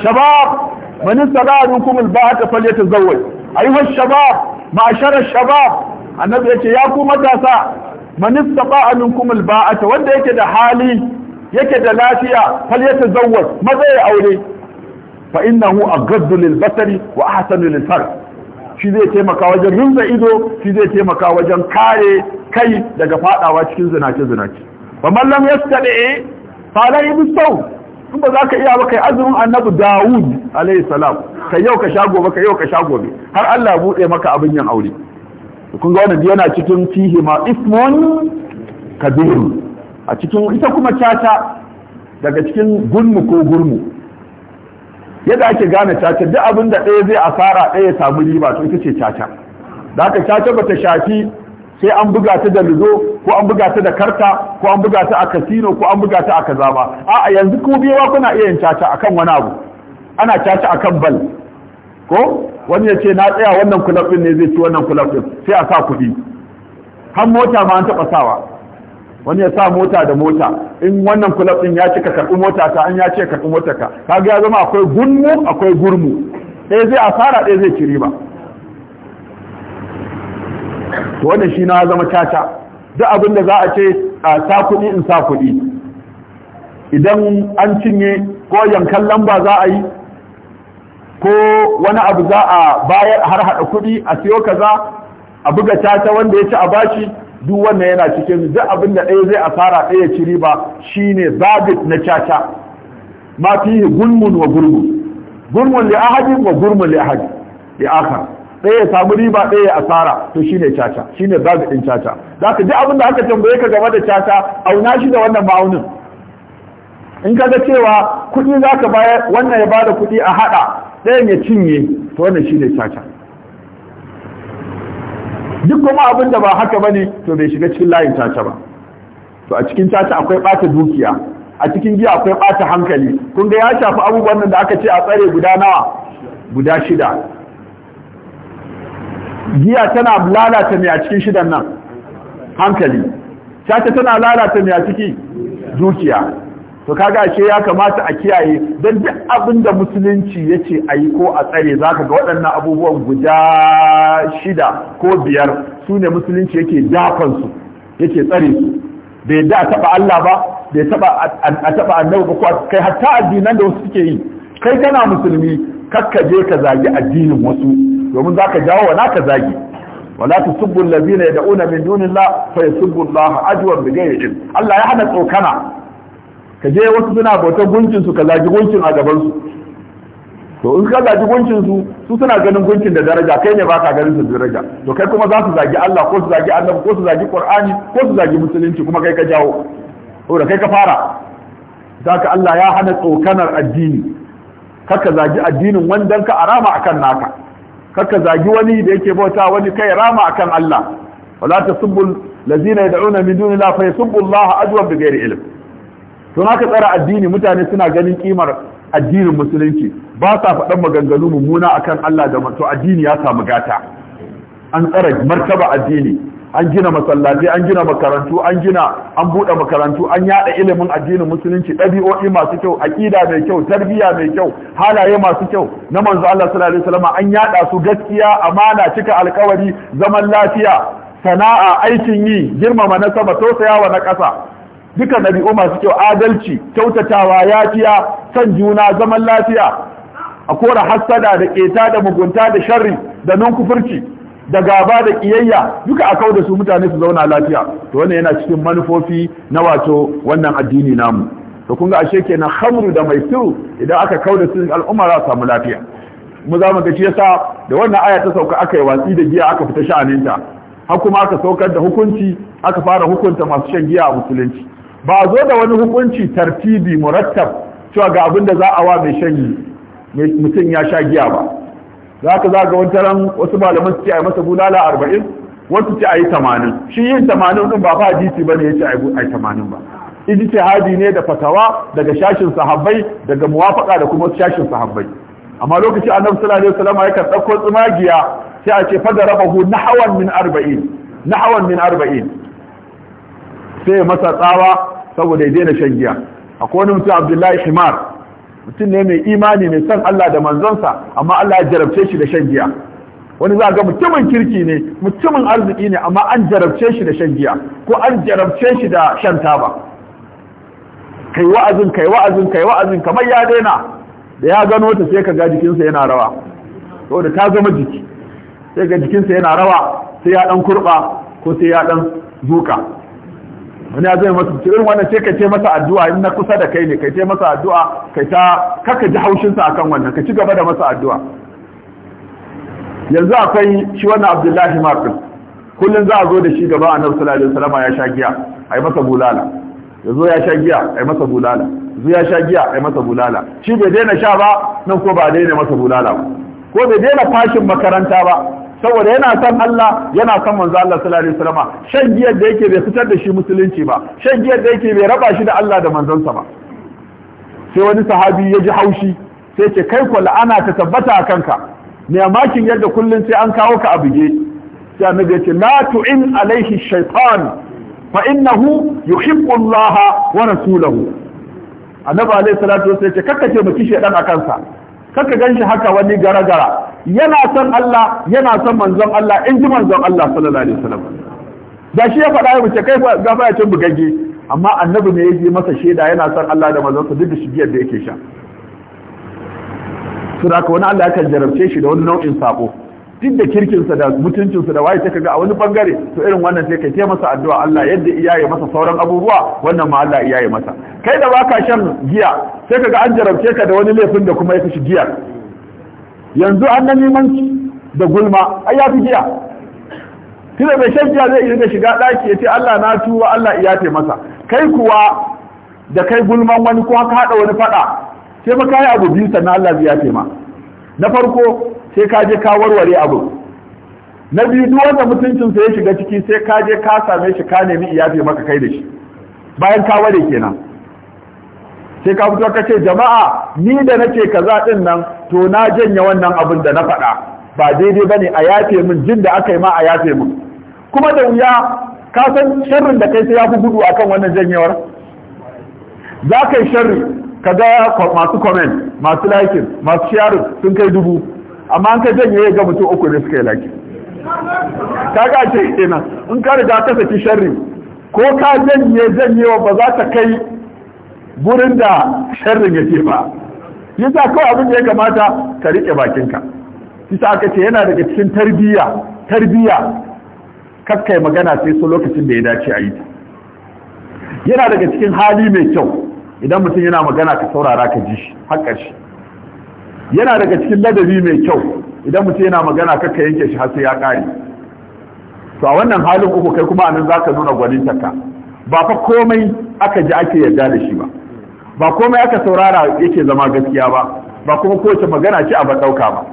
shabab man istada'a minkum al-ba'ata falyatazawwaj ayyuha shabab ma'ashara shabab annabi yace ya ku matasa man istada'a minkum al-ba'ata wanda yake da hali yake da lafiya falyatazawwaj maza ya aure fa innahu aghaddu lil-basari wa ahsanu lil-farj shi zai taimaka wajen rinza ido shi zai taimaka wajen kare kai daga fadawa cikin zinace zinace Ba Mallam ya yastadi fa la yabsaw in ba za ka iya ba kai azumin annabi Dawud alayhi salam kai yau ka sha gobe ka yau ka sha gobe har Allah ya bude maka abin yin aure kun ga wannan yana cikin fihi ma ismun kabir a cikin ita kuma caca daga cikin gurmu ko gurmu yadda ake gane caca duk abin da ɗaya zai asara ɗaya ya samu riba to ita ce caca da haka caca ta shafi sai an buga ta da ludo ko an buga ta da karta ko an buga ta a kasino ko an buga ta a kaza ba a'a yanzu ku biyawa kuna iya yin caca akan wani abu ana caca akan bal ko wani ya ce na tsaya wannan kulab din ne zai ci wannan kulab din sai a sa kuɗi har mota ma an taɓa sawa wani ya sa mota da mota in wannan kulab din ya cika ka karbi mota ta an ya ce ka karbi mota ka kaga ya zama akwai gunmu akwai gurmu ɗaya zai asara ɗaya zai ci riba to wannan shi na zama caca duk abin da za a ce a sa kuɗi in sa kuɗi idan an cinye ko yankan lamba za a yi ko wani abu za a bayar har haɗa kuɗi a siyo kaza a buga caca wanda ya ci a bashi duk wannan yana cikin duk abin da ɗaya zai asara ɗaya ci riba ne zabit na caca ma yi gulmun wa gulmun gulmun li ahadin wa gulmun li ahadin li akhar ɗaya ya samu riba ɗaya ya asara to shi ne caca ne zabit din caca ka duk abin da aka tambaye ka game da caca auna shi da wannan ma'aunin in ga cewa kuɗi za ka bayar wannan ya bada kuɗi a haɗa ɗayan ya cinye to wannan ne caca duk kuma abin da ba haka bane to bai shiga cikin layin caca ba to a cikin caca akwai bata dukiya a cikin giya akwai bata hankali kun ga ya shafi abubuwan nan da aka ce a tsare guda nawa guda shida giya tana lalata mai a cikin shidan nan hankali caca tana lalata mai a cikin? dukiya to kaga ashe ya kamata a kiyaye don duk abin da musulunci ya ce a yi ko a tsare za ka ga waɗannan abubuwan guda shida ko biyar su ne musulunci yake dafansu yake tsare su bai da a taɓa Allah ba bai a taɓa annabi ba ko kai hatta addinan da wasu suke yi kai kana musulmi kakka je ka zagi addinin wasu domin za ka jawo wa ka zagi wala subbu allazina yad'una min dunillahi fa yasubbu allaha ajwan bighayri ilm Allah ya hana tsokana ka je wasu suna bautar gunkin su ka zagi gunkin a gaban su to in ka zagi gunkin su su suna ganin gunkin da daraja kai ne baka ganin su daraja to kai kuma za su zagi Allah ko su zagi Annabi ko su zagi Qur'ani ko su zagi musulunci kuma kai ka jawo da kai ka fara zaka Allah ya hana tsokanar addini kaka zagi addinin wanda ka arama akan naka kaka zagi wani da yake bauta wani kai rama akan Allah wala tasubbu allazina yad'una min dunillahi fa yasubbu Allah ajwa bighairi ilm to haka tsara addini mutane suna ganin kimar addinin musulunci ba sa faɗan maganganu mummuna akan Allah da mato addini ya samu gata an tsara martaba addini an gina masallatai an gina makarantu an gina an buɗe makarantu an yada ilimin addinin musulunci ɗabi'o'i masu kyau aƙida mai kyau tarbiyya mai kyau halaye masu kyau na manzo Allah sallallahu alaihi wasallam an yada su gaskiya amana cika alƙawari, zaman lafiya sana'a aikin yi girmama na sama tausayawa na ƙasa duka ɗabi'u masu kyau adalci kyautatawa yafiya san juna zaman lafiya a kora hassada da keta da mugunta da sharri da kufurci da gaba da kiyayya duka a kau da su mutane su zauna lafiya to wannan yana cikin manufofi na wato wannan addini namu to kun ga ashe kenan khamru da mai maisiru idan aka kau da su al'umma za samu lafiya mu za mu ga yasa da wannan aya ta sauka aka yi watsi da giya aka fita sha'aninta har kuma aka saukar da hukunci aka fara hukunta masu shan giya a musulunci ba a zo da wani hukunci tartibi murattab cewa ga abin da za a wa mai shan mutum ya sha giya ba za ka za ga wantaran wasu malaman su ce a masa bulala arba'in wasu ce a yi tamanin shi yin tamanin din ba fa hadisi ba ne ya ce a yi tamanin ba ijtihadi ne da fatawa daga shashin sahabbai daga muwafaka da kuma shashin sahabbai amma lokaci annabi sallallahu alaihi wasallam ya kan dauko tsumagiya sai a ce fada rabahu nahawan min arba'in nahawan min arba'in sai masa tsawa saboda ya daina shan giya akwai wani mutum abdullahi himar mutum ne mai imani mai son Allah da manzonsa amma Allah ya jarabce shi da shan giya wani za ga mutumin kirki ne mutumin arziki ne amma an jarabce shi da shan giya ko an jarabce shi da shan taba kai wa'azin kai wa'azin kai wa'azin kamar ya daina da ya gano ta sai ka ga jikinsa yana rawa saboda ta zama jiki sai ga jikinsa yana rawa sai ya dan kurba ko sai ya dan zuka wani ya zai masu cikin wannan ce ka ce masa addu'a in na kusa da kai ne kai ce masa addu'a kai ta kaka ji haushinsa akan wannan ka ci gaba da masa addu'a yanzu akwai shi wannan abdullahi martin kullum za a zo da shi gaba a nafsu lalai salama ya sha giya a yi masa bulala ya zo ya sha giya a yi masa bulala zo ya sha giya a yi masa bulala shi bai daina sha ba nan ko ba daina masa bulala ko bai daina fashin makaranta ba saboda yana son Allah yana son manzo Allah sallallahu alaihi wasallam shan giyar da yake bai fitar da shi musulunci ba shan giyar da yake bai raba shi da Allah da manzonsa ba sai wani sahabi ya ji haushi sai ce kai ko la'ana ta tabbata a kanka ne makin yadda kullun sai an kawo ka a buge sai annabi ya ce la tu'in alaihi shaytan fa innahu yuhibbu Allah wa rasulahu annabi alaihi salatu wasallam ya ce kakkace miki shedan a kansa kakka ganshi haka wani gara-gara yana son Allah yana son manzon Allah in ji manzon Allah sallallahu alaihi wasallam da shi ya faɗa ya ce kai ga ya cin bugagge amma annabi ne ya masa shaida yana son Allah da manzon sa duk da shigiyar da yake sha su da wani Allah kan jarabce shi da wani nau'in sako duk da kirkinsa da sa da waye take ga a wani bangare to irin wannan sai kai kai masa addu'a Allah yadda iyaye masa sauran abubuwa wannan ma Allah iyaye masa kai da baka shan giya sai kaga an jarabce ka da wani laifin da kuma ya shigiyar giya yanzu an na neman da gulma ai ya fi jiya tunda mai shan giya zai iya shiga ɗaki ya ce Allah na tuwa Allah iya ce masa kai kuwa da kai gulman wani ko ka haɗa wani faɗa sai ka kai abu biyu sannan Allah zai yafe ma na farko sai ka je ka warware abu na biyu duk wanda mutuncin sa ya shiga ciki sai ka je ka same shi ka nemi iyafe maka kai da shi bayan ka ware kenan sai ka fito ka ce jama'a ni da nake kaza din nan to na janye wannan abin da na faɗa ba daidai ba ne a yafe min jin da aka yi ma a yafe min kuma da wuya ka san sharrin da kai sai ya fi gudu akan wannan janyewar za ka yi sharri ka ga masu comment masu like masu sharing sun kai dubu amma an ka janye ya ga mutum uku ne suka yi like ka ga ce kenan in ka riga ka saki sharri ko ka janye janyewa ba za ta kai burin da sharrin ce ba sa kawai abin da ya kamata ka rike bakinka yasa aka ce yana daga cikin tarbiyya tarbiyya kakkai magana sai su lokacin da ya dace a yi ta yana daga cikin hali mai kyau idan mutum yana magana ka saurara ka ji shi haƙar shi yana daga cikin ladabi mai kyau idan mutum yana magana kakka yanke shi har sai ya ƙare to a wannan halin uku kai kuma anan zaka nuna gwaninta ka ba fa komai aka ji ake yarda da shi ba ba komai aka saurara yake zama gaskiya ba ba kuma kowace magana ce a ba ɗauka ba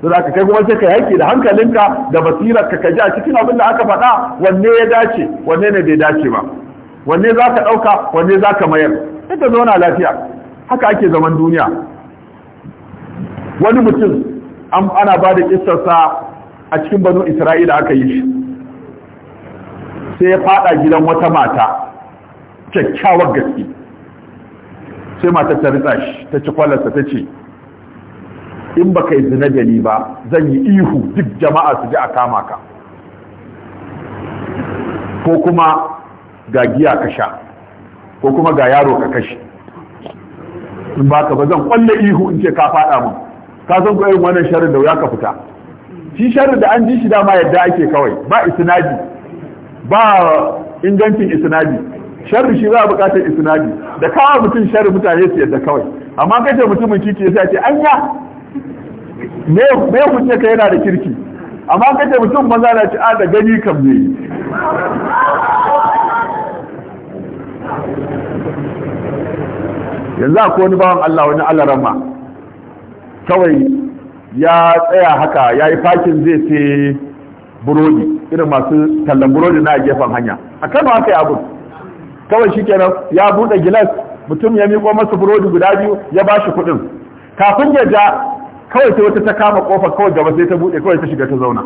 to za ka kai kuma sai ka yake da hankalinka da basirarka ka ji a cikin abin da aka faɗa wanne ya dace wanne ne bai dace ba wanne za ka ɗauka wanne za ka mayar sai ka zauna lafiya haka ake zaman duniya wani mutum ana ba da kissarsa a cikin banu isra'ila aka yi shi sai ya faɗa gidan wata mata kyakkyawar gaske sai matar ta ritsa shi ta ci kwalarsa ta ce in ba ka yi zina da ni ba zan yi ihu duk jama'a su ji a kama ka ko kuma ga giya ka sha ko kuma ga yaro ka kashe in ba ka ba zan kwalle ihu in ce ka faɗa mun ka san ko irin wannan sharri da wuya ka fita shi sharri da an ji shi dama yadda ake kawai ba isnadi ba ingancin isnadi sharri shi za a buƙatar isnadi da kawai mutum sharri mutane su yadda kawai amma kai mutumin kirki sa ce anya me me kuce ka yana da kirki amma kai mutum maza na ci da gani kam ne yanzu akwai wani bawan Allah wani alarama kawai ya tsaya haka ya yi fakin zai ce burodi irin masu tallan burodi na gefen hanya a kano haka yi abu kawai shi kenan ya bude gilas mutum ya miko masa burodi guda biyu ya ba shi kuɗin kafin ya ja kawai sai wata ta kama ƙofa, kawai gaba sai ta bude kawai ta shiga ta zauna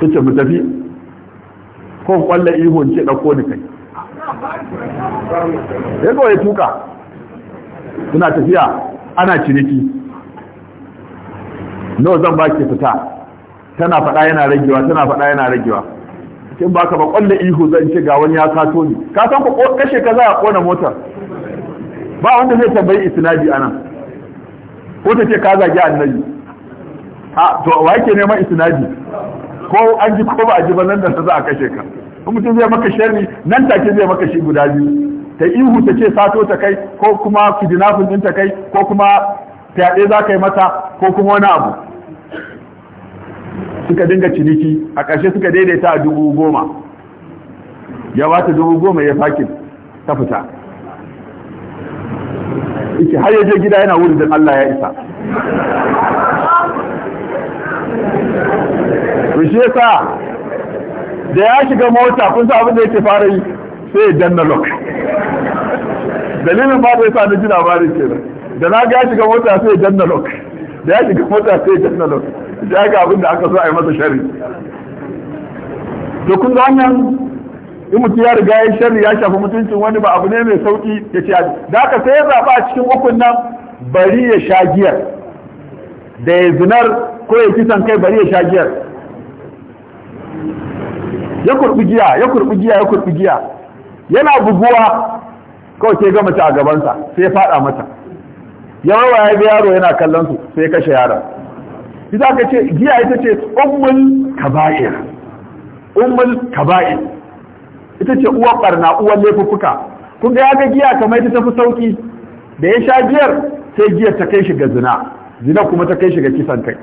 tace mu tafi ko kwalla ihu ce dauko ni kai ya kawai tuka suna tafiya ana ciniki no zan baki fita tana faɗa yana ragewa tana faɗa yana ragewa in ka ba kwalla ihu zan ce ga wani ya kato ni ka san ko kashe ka za a kona motar ba wanda zai tambayi isnadi anan ko ta ce ka zagi annabi a to wa yake neman isnadi ko an ji ko ba a ji ba nan da za a kashe ka in mutum zai maka sharri nan take zai maka shi guda biyu ta ihu ta ce sato ta kai ko kuma kidnapping din ta kai ko kuma fyaɗe za ka yi mata ko kuma wani abu suka dinga ciniki a ƙarshe suka daidaita a dubu goma ya wata dubu goma ya fakin ta fita iki har yaje gida yana wuri don Allah ya isa rushe sa da ya shiga mota kun sa abin da yake fara yi sai ya danna lok dalilin ba da ya sa na ji labarin ke da na ga ya shiga mota sai ya danna lok da ya shiga mota sai ya tattala ya ga abin da aka so a yi masa shari to kun hanyar, wannan in mutum ya riga ya shari ya shafi mutuncin wani ba abu ne mai sauki ya ce da aka sai ya zaɓa a cikin ukun nan bari ya sha giyar da ya zinar ko ya kisan kai bari ya sha giyar ya kurɓi giya ya kurɓi giya ya kurɓi giya yana buguwa kawai sai ga mace a gabansa sai ya faɗa mata yawa ya ga yaro yana kallon su sai ya kashe yaron shi ka ce giya ita ce ummul kaba'ir ummul kaba'ir ita ce uwar barna uwar laifuka. kun ga ya ga giya kamar ita tafi sauki da ya sha giyar sai giyar ta kai shi ga zina zina kuma ta kai shi ga kisan kai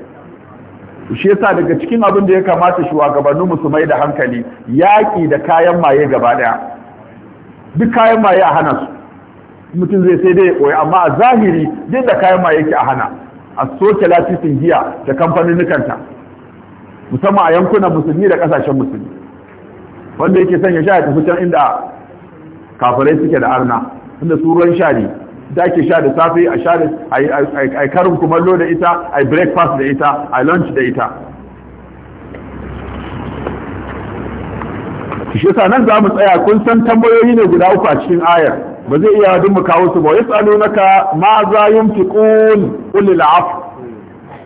shi yasa daga cikin abin da ya kamata shugabannin musulmai da hankali yaƙi da kayan maye gaba ɗaya duk kayan maye a hana su mutum zai sai dai koyi amma a zahiri duk da kayan ma yake a hana a soke lasisin giya da kamfaninukanta musamman a yankunan musulmi da kasashen musulmi wanda yake sanya sha ya tafi can inda kafirai suke da arna inda su ruwan sha ne da ke sha da safe a sha da ai karin kumallo da ita a breakfast da ita ai lunch da ita shi yasa nan za mu tsaya kun san tambayoyi ne guda uku a cikin ayar ba zai iya duk mu kawo su ba ka ma za yunfiqun qul al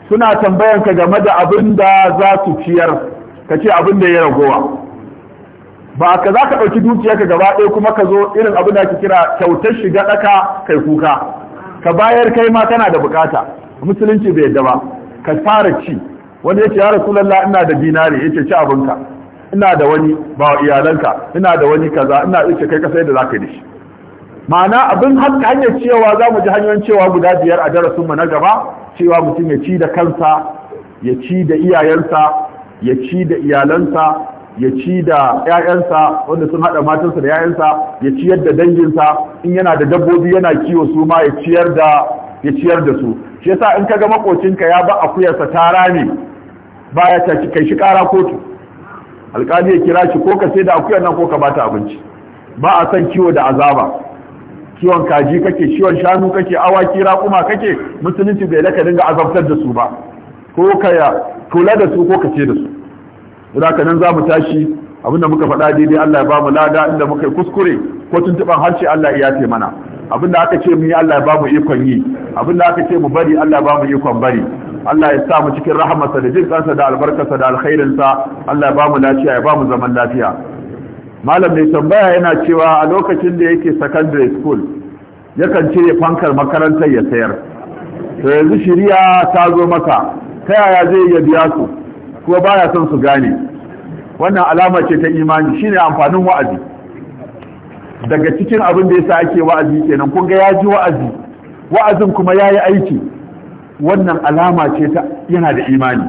suna tambayan ka game da abin da za su ciyar ka ce abin da ya ragowa ba ka za ka ɗauki dukiyarka gaba ɗaya kuma ka zo irin abin da ake kira kyautar shiga ɗaka kai kuka ka bayar kai ma kana da bukata musulunci bai yadda ba ka fara ci wani yace ya rasulullah ina da dinari yace ci abinka ina da wani ba iyalanka ina da wani kaza ina yace kai ka sai da zaka yi shi ma'ana abin hanyar cewa za mu ji hanyoyin cewa guda biyar a darasin mu na gaba cewa mutum ya ci da kansa ya ci da iyayensa ya ci da iyalansa ya ci da 'ya'yansa wanda sun haɗa matansa da 'ya'yansa ya ciyar da danginsa in yana da dabbobi yana kiwo su ma ya ciyar da ya ciyar da su shi yasa in kaga makocinka ya ba akuyarsa ta ne baya ta kai shi kara kotu alƙali ya kira shi ko ka sai da akuyar nan ko ka bata abinci ba a son kiwo da azaba ciwon kaji kake ciwon shanu kake awaki raƙuma kake musulunci bai laka dinga azabtar da su ba ko ka kula da su ko ka ce da su haka nan za mu tashi abinda muka faɗa daidai Allah ya bamu lada inda muka kuskure ko tuntuɓan harshe Allah ya ce mana abinda aka ce mu yi Allah ya ikon yi abinda aka ce mu bari Allah ya ikon bari Allah ya sa mu cikin rahamarsa da jin kansa da albarkarsa da alkhairinsa Allah ya bamu lafiya ya bamu zaman lafiya malam mai tambaya yana cewa a lokacin da yake secondary school yakan cire fankar makarantar ya sayar to yanzu shiriya ta zo masa ta yaya zai iya biya su ko baya son su gane wannan alama ce ta imani shine amfanin wa'azi daga cikin abin da yasa ake wa'azi kenan kun ga ji wa'azi wa'azin kuma yayi aiki wannan alama ce ta yana da imani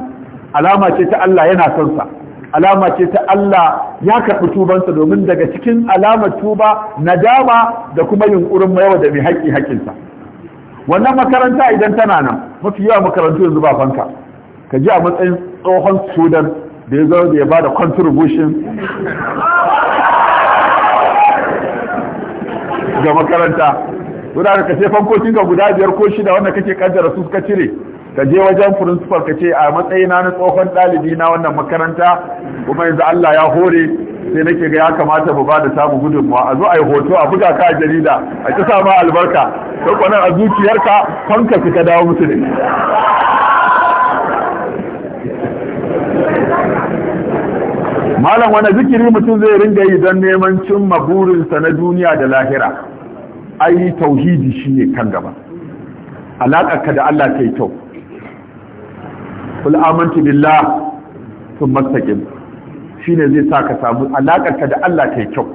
alama ce ta Allah yana son sa alama ce ta Allah ya karɓi tubansa domin daga cikin alamar tuba na dama da kuma yunkurin mayawa da mai haƙƙi haƙƙinsa wannan makaranta idan tana nan mafi yawa makarantu yanzu ba fanka ka ji a matsayin tsohon sudan da ya zama da ya bada contribution ga makaranta wadda ka kashe fankokin ga guda biyar ko shida wanda kake kaddara su suka cire ka je wajen principal ka ce a matsayina na tsohon ɗalibi na wannan makaranta kuma yanzu Allah ya hore sai nake ga ya kamata mu da samu gudunmuwa a zo a yi hoto a buga ka a jarida a ci sa albarka sai kwanan a zuciyarka fanka ka dawo musu ne malam wani zikiri mutum zai ringa yi don neman cimma burinsa na duniya da lahira ai tauhidi shi ne kan gaba alaƙarka da Allah ta yi kyau kul amantu billah thumma shi shine zai sa ka samu alaƙarka da Allah ta kyau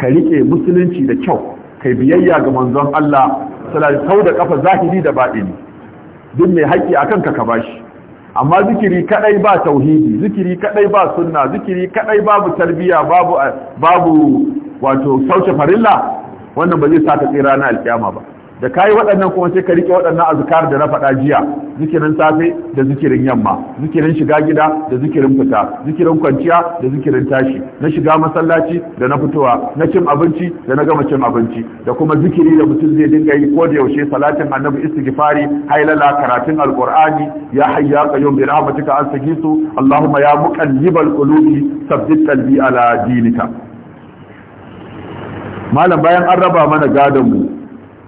ka riƙe musulunci da kyau kai biyayya ga manzon Allah sallallahu alaihi da kafa zahiri da baɗi duk mai haƙƙi akan ka ka bashi amma zikiri kadai ba tauhidi zikiri kadai ba sunna zikiri kadai babu tarbiya babu babu wato sauce farilla wannan ba zai sa ka tsira na alkiyama ba da ka yi waɗannan kuma sai ka riƙe waɗannan azkar da na faɗa jiya zikirin safe da zikirin yamma zikirin shiga gida da zikirin fita zikirin kwanciya da zikirin tashi na shiga masallaci da na fitowa na cin abinci da na gama cin abinci da kuma zikiri da mutum zai dinga yi ko da yaushe salatin annabi istighfari hailala karatun alqur'ani ya hayya qayyum bi rahmatika astaghithu allahumma ya muqallibal qulubi sabbit qalbi ala dinika malam bayan an raba mana gadon mu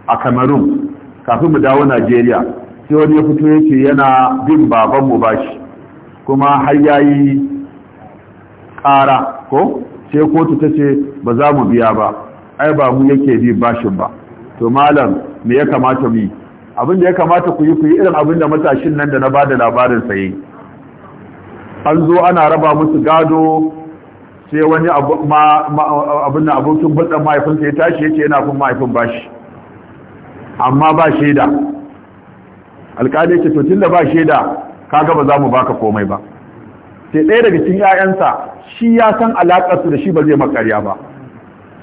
a cameroon kafin mu dawo najeriya sai wani ya fito ya yana bin baban babanmu bashi kuma har ya yi ƙara ko sai kotu ta ce ba za mu biya ba ai ba mu yake bi bashin ba to malam me ya kamata mu yi abin da ya kamata ku yi ku yi irin abin da matashin nan da na bada labarin saye an zo ana raba musu gado sai wani abin abokin bulɗan mahaifinsa ya tashi ya yana kun mahaifin bashi amma ba shaida alƙali ce to tunda ba shaida kaga ba za mu baka komai ba sai ɗaya daga cikin ƴaƴansa shi ya san alaƙar su da shi ba zai makarya ba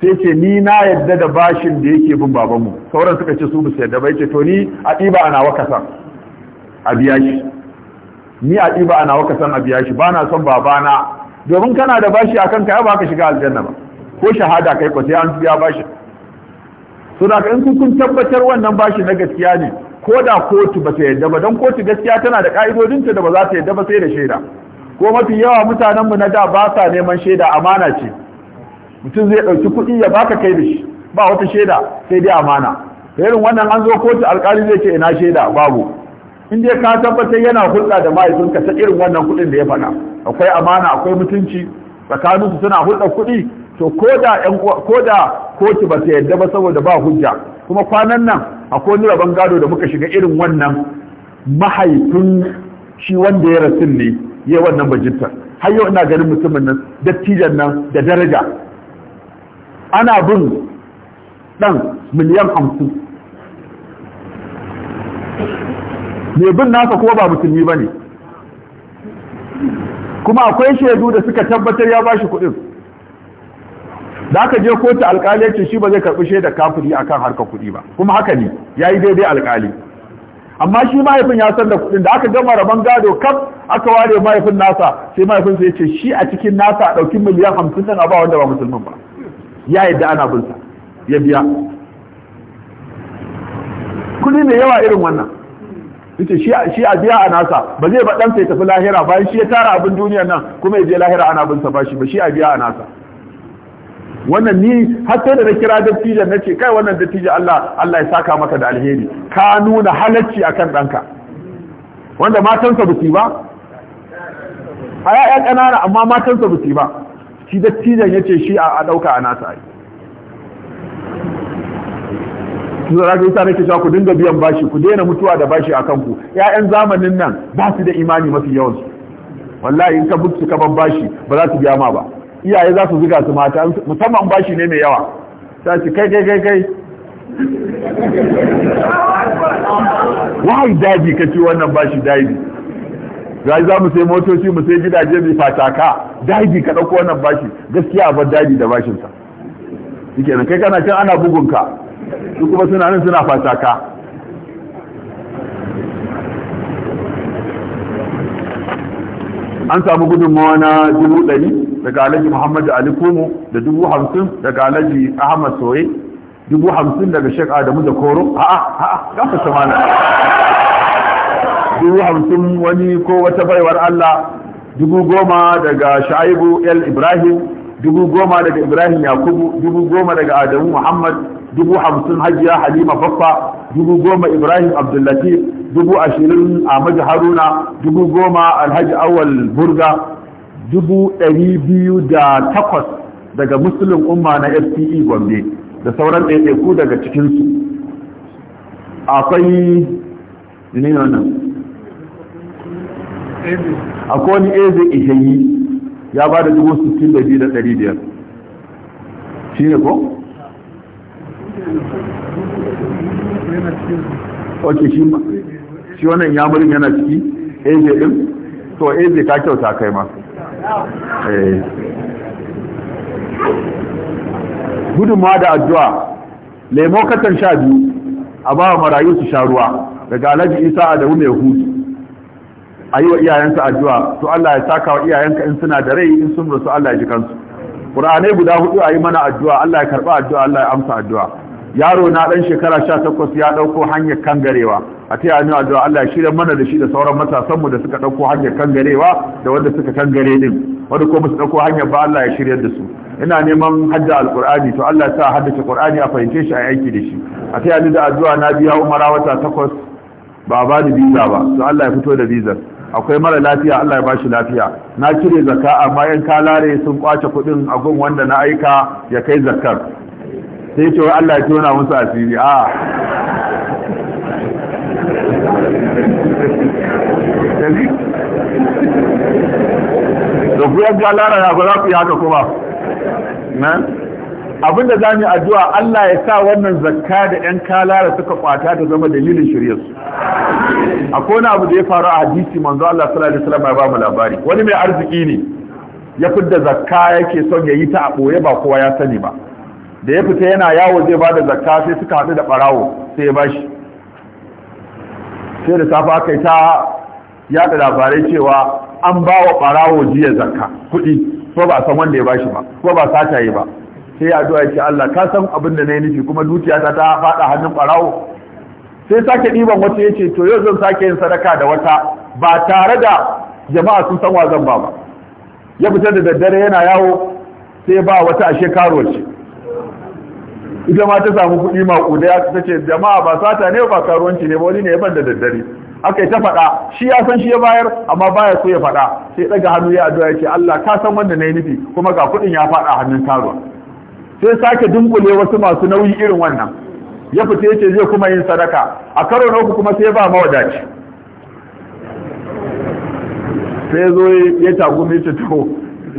sai ce ni na yadda da bashin da yake bin babanmu sauran suka ce su ba su yadda ba ce to ni a ɗiba ana waka san a biya shi ni a ɗiba ana waka san a biya shi ba na son babana domin kana da bashi akan ka ya ba ka shiga aljanna ba ko shahada kai ko sai an biya bashin to da in kun tabbatar wannan bashi na gaskiya ne ko da kotu ba ta yadda ba don kotu gaskiya tana da ka'idodinta da ba za ta yadda ba sai da shaida ko mafi yawa mutanenmu na da ba sa neman shaida amana ce mutum zai ɗauki kuɗi ya baka kai da shi ba wata shaida sai dai amana irin wannan an zo kotu alkali zai ce ina shaida babu in dai ka tabbatar yana hulɗa da mahaifinka ta irin wannan kuɗin da ya faɗa akwai amana akwai mutunci tsakaninsu suna hulɗa kuɗi to ko da kotu ba ta yadda ba saboda ba hujja kuma kwanan nan akwai wani rabon gado da muka shiga irin wannan mahaifin shi wanda ya rasu ne ya wannan bajinta har yau ina ganin mutumin nan dattijan nan da daraja ana bin dan miliyan hamsin mai bin nasa kuma ba musulmi ba ne kuma akwai shaidu da suka tabbatar ya bashi shi kuɗin da aka je kotu alkali ya ce shi ba zai karɓi shaidar a kan harkar kuɗi ba kuma haka ne ya yi daidai alkali amma shi mahaifin ya san da kuɗin da aka gama rabon gado kaf aka ware mahaifin nasa sai mahaifin sai ya ce shi a cikin nasa a ɗauki miliyan hamsin ɗin a ba wanda ba musulmin ba ya yadda ana bin sa ya biya kuɗi mai yawa irin wannan ita shi a biya a nasa ba zai ba ɗansa ya tafi lahira bayan shi ya tara abin duniyar nan kuma ya je lahira ana bin sa ba shi ba shi a biya a nasa wannan ni har sai da na kira dattijan na ce kai wannan dattijan Allah Allah ya saka maka da alheri ka nuna halacci akan danka. wanda matansa ba ba a ya'ya ƙanana amma matansa ba ba shi dattijan ya ce shi a ɗauka a nasa ai su zara ga nake cewa ku dinga biyan bashi ku daina mutuwa da bashi a kanku Ya'yan zamanin nan ba su da imani mafi yawansu wallahi in ka buksu ka bashi ba za su biya ma ba iyaye za su zuga su mata musamman bashi ne mai yawa ta ce kai kai kai kai wahai daji ka ci wannan bashi daji rai za mu sai motoci mu sai gidaje mai fataka daji ka ɗauko wannan bashi gaskiya a bar daji da bashinsa shike nan kai kana can ana bugunka su kuma suna nan suna fataka an samu gudunmawa na dubu ɗari daga alhaji muhammad ali kumu da dubu hamsin daga alhaji ahmad soye dubu hamsin daga shek adamu da koro a'a a'a gafa samana dubu hamsin wani ko wata baiwar allah dubu goma daga sha'ibu el ibrahim dubu goma daga ibrahim yakubu dubu goma daga adamu muhammad dubu hamsin hajiya halima baffa dubu goma ibrahim abdullatif dubu ashirin ahmad haruna dubu goma alhaji awal burga dubu ɗari biyu da takwas daga musulun umma na fce gombe da sauran ɗaiɗaiku daga cikinsu akwai ne wannan akwai wani eze yi ya ba da dubu sittin da biyu da ɗari biyar shi ne ko? ok shi wannan yamurin yana ciki eze ɗin to eze ta kyauta kai ma Eh. gudunmawa da addu'a lemo katon sha biyu a ba marayu su sha ruwa daga alaji isa da ya hutu a yi wa iyayensa addu'a to Allah ya saka wa iyayenka in suna da rai in sun rasu Allah ya ji kansu ƙur'anai guda hudu a yi mana addu'a Allah ya karɓa addu'a Allah ya amsa addu'a yaro na dan shekara 18 ya dauko hanyar kangarewa a taya ni addu'a Allah ya shirya mana da shi da sauran matasanmu da suka dauko hanyar kangarewa da wanda suka kangare din wanda ko musu dauko hanyar ba Allah ya shirya da su ina neman hadda alqur'ani to Allah ya sa haddace qur'ani a fahimce shi a aiki da shi a ta yi da addu'a na biya umara wata takwas ba ba da visa ba to Allah ya fito da visa akwai mara lafiya Allah ya bashi lafiya na cire zakka amma yan kalare sun kwace kudin a gun wanda na aika ya kai zakkar sai ce wa Allah ya tona musu asiri a da ku yadda lara ya ku za ku yi haka kuma abinda za mu addu'a Allah ya sa wannan zakka da ‘yan kalara suka kwata ta zama dalilin shiryarsu. Akwai wani abu da ya faru a hadisi manzo Allah sallallahu alaihi wasallam ya ba mu labari. Wani mai arziki ne ya fidda zakka yake son ya yi ta a ɓoye ba kowa ya sani ba. da ya fita yana yawo zai ba da zakka sai suka haɗu da ɓarawo sai ya bashi sai da safa aka yi ta yaɗa labarai cewa an ba wa ɓarawo jiya zakka kuɗi ko ba san wanda ya bashi ba ko ba sata yi ba sai ya duwa ce Allah ka san abin da na yi nufi kuma dukiya ta ta faɗa hannun ɓarawo sai sake ɗiban wata yace to yau zan sake yin sadaka da wata ba tare da jama'a sun san wa zan ba ba ya fita da daddare yana yawo sai ba wata ashe karuwar ce ita ma ta samu kuɗi maƙudai ta ce jama'a ba sata ne ba karuwanci ne ba wani ne ya da daddare aka yi ta faɗa shi ya san shi ya bayar amma baya so ya faɗa sai ɗaga hannu ya addu'a ya ce Allah ka san wanda na yi nufi kuma ga kuɗin ya faɗa hannun taruwa sai sake dunkule wasu masu nauyi irin wannan ya fita ya ce zai kuma yin sadaka a karo na uku kuma sai ba mawadaci sai zo ya mai ce to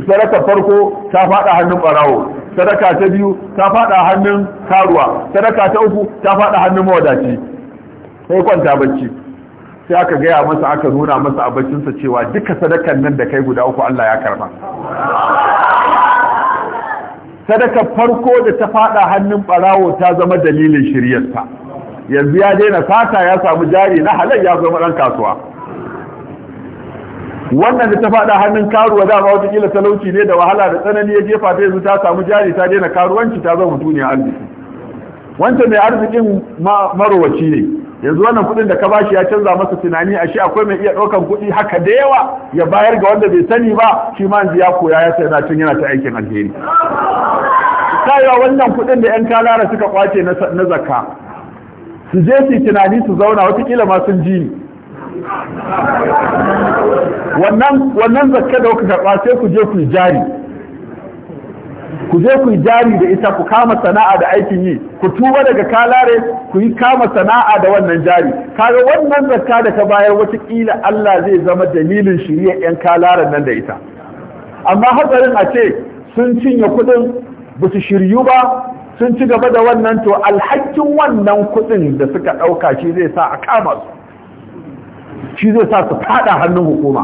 sadaka farko ta faɗa hannun ɓarawo sadaka ta biyu ta fada hannun karuwa sadaka ta uku ta fada hannun mawadaci sai kwanta bacci sai aka gaya masa aka nuna masa abincinsa cewa duka sadakan nan da kai guda uku Allah ya karba Sadaka farko da ta fada hannun barawo ta zama dalilin shiryarsa yanzu ya daina sata ya samu jari na halal ya zama dan kasuwa wannan da ta faɗa hannun karuwa dama watakila talauci ne da wahala da tsanani ya jefa ta yanzu ta samu jari ta daina karuwanci ta zama duniya arziki wancan mai arzikin marowaci ne yanzu wannan kuɗin da ka bashi ya canza masa tunani ashe akwai mai iya ɗaukan kuɗi haka da yawa ya bayar ga wanda bai sani ba shi ma ya koya ya sai tun yana ta aikin alheri kayawa wannan kuɗin da yan kalara suka kwace na zakka su je su tunani su zauna watakila ma sun ji wannan zakka da kuka karɓa sai ku je ku jari ku je ku jari da ita ku kama sana'a da aikin yi ku tuba daga kalare ku yi kama sana'a da wannan jari kaga wannan zakka da ka bayar watakila Allah zai zama dalilin shirya 'yan kalaren nan da ita amma hatsarin a ce sun cinye kuɗin ba su shiryu ba sun ci gaba da wannan to alhakin wannan kuɗin da suka ɗauka shi zai sa a kama su shi zai sa su fada hannun hukuma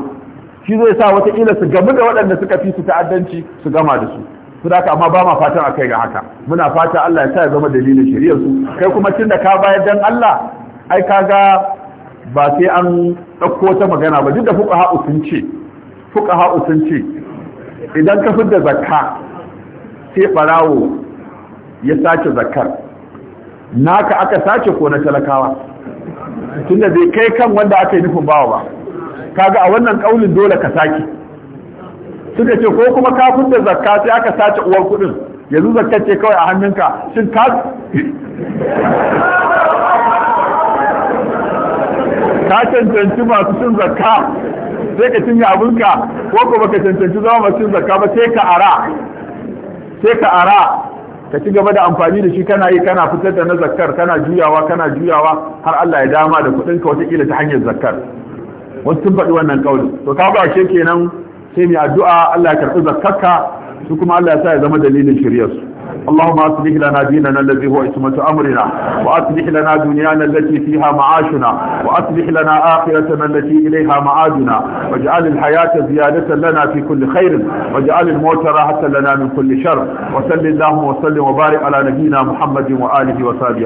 shi zai sa watakila su gamu da waɗanda suka fi su ta'addanci su gama da su su da amma ba ma fatan a kai ga haka muna fata Allah ya sa ya zama dalilin shari'ar su kai kuma tunda ka bayar dan Allah ai ka ga ba sai an ɗauko ta magana ba duk da fuqaha sun ce fuqaha sun ce idan ka da zakka sai barawo ya sace zakkar naka aka sace ko na talakawa tunda bai kai kan wanda aka yi nufin bawa ba kaga a wannan kaulin dole ka saki suka ce ko kuma kafin da zakka sai aka sace uwar kudin yanzu zakka ce kawai a hannunka shin ka ka cancanci masu cin zakka sai ka cinye abinka ko kuma ka cancanci zama masu cin zakka ba sai ka ara sai ka ara ka ci gaba da amfani da shi kana yi kana fitar da na zakkar kana juyawa kana juyawa har Allah ya dama da kuɗin ka wataƙila ta hanyar zakkar wasu sun faɗi wannan kauli to ka ba kenan sai mai addu'a Allah ya karɓi zakkarka su kuma Allah ya sa ya zama dalilin shiryar su اللهم أصلح لنا ديننا الذي هو عصمة أمرنا وأصلح لنا دنيانا التي فيها معاشنا وأصلح لنا آخرتنا التي إليها معادنا واجعل الحياة زيادة لنا في كل خير واجعل الموت راحة لنا من كل شر وسل اللهم وسلم وبارك على نبينا محمد وآله وصحبه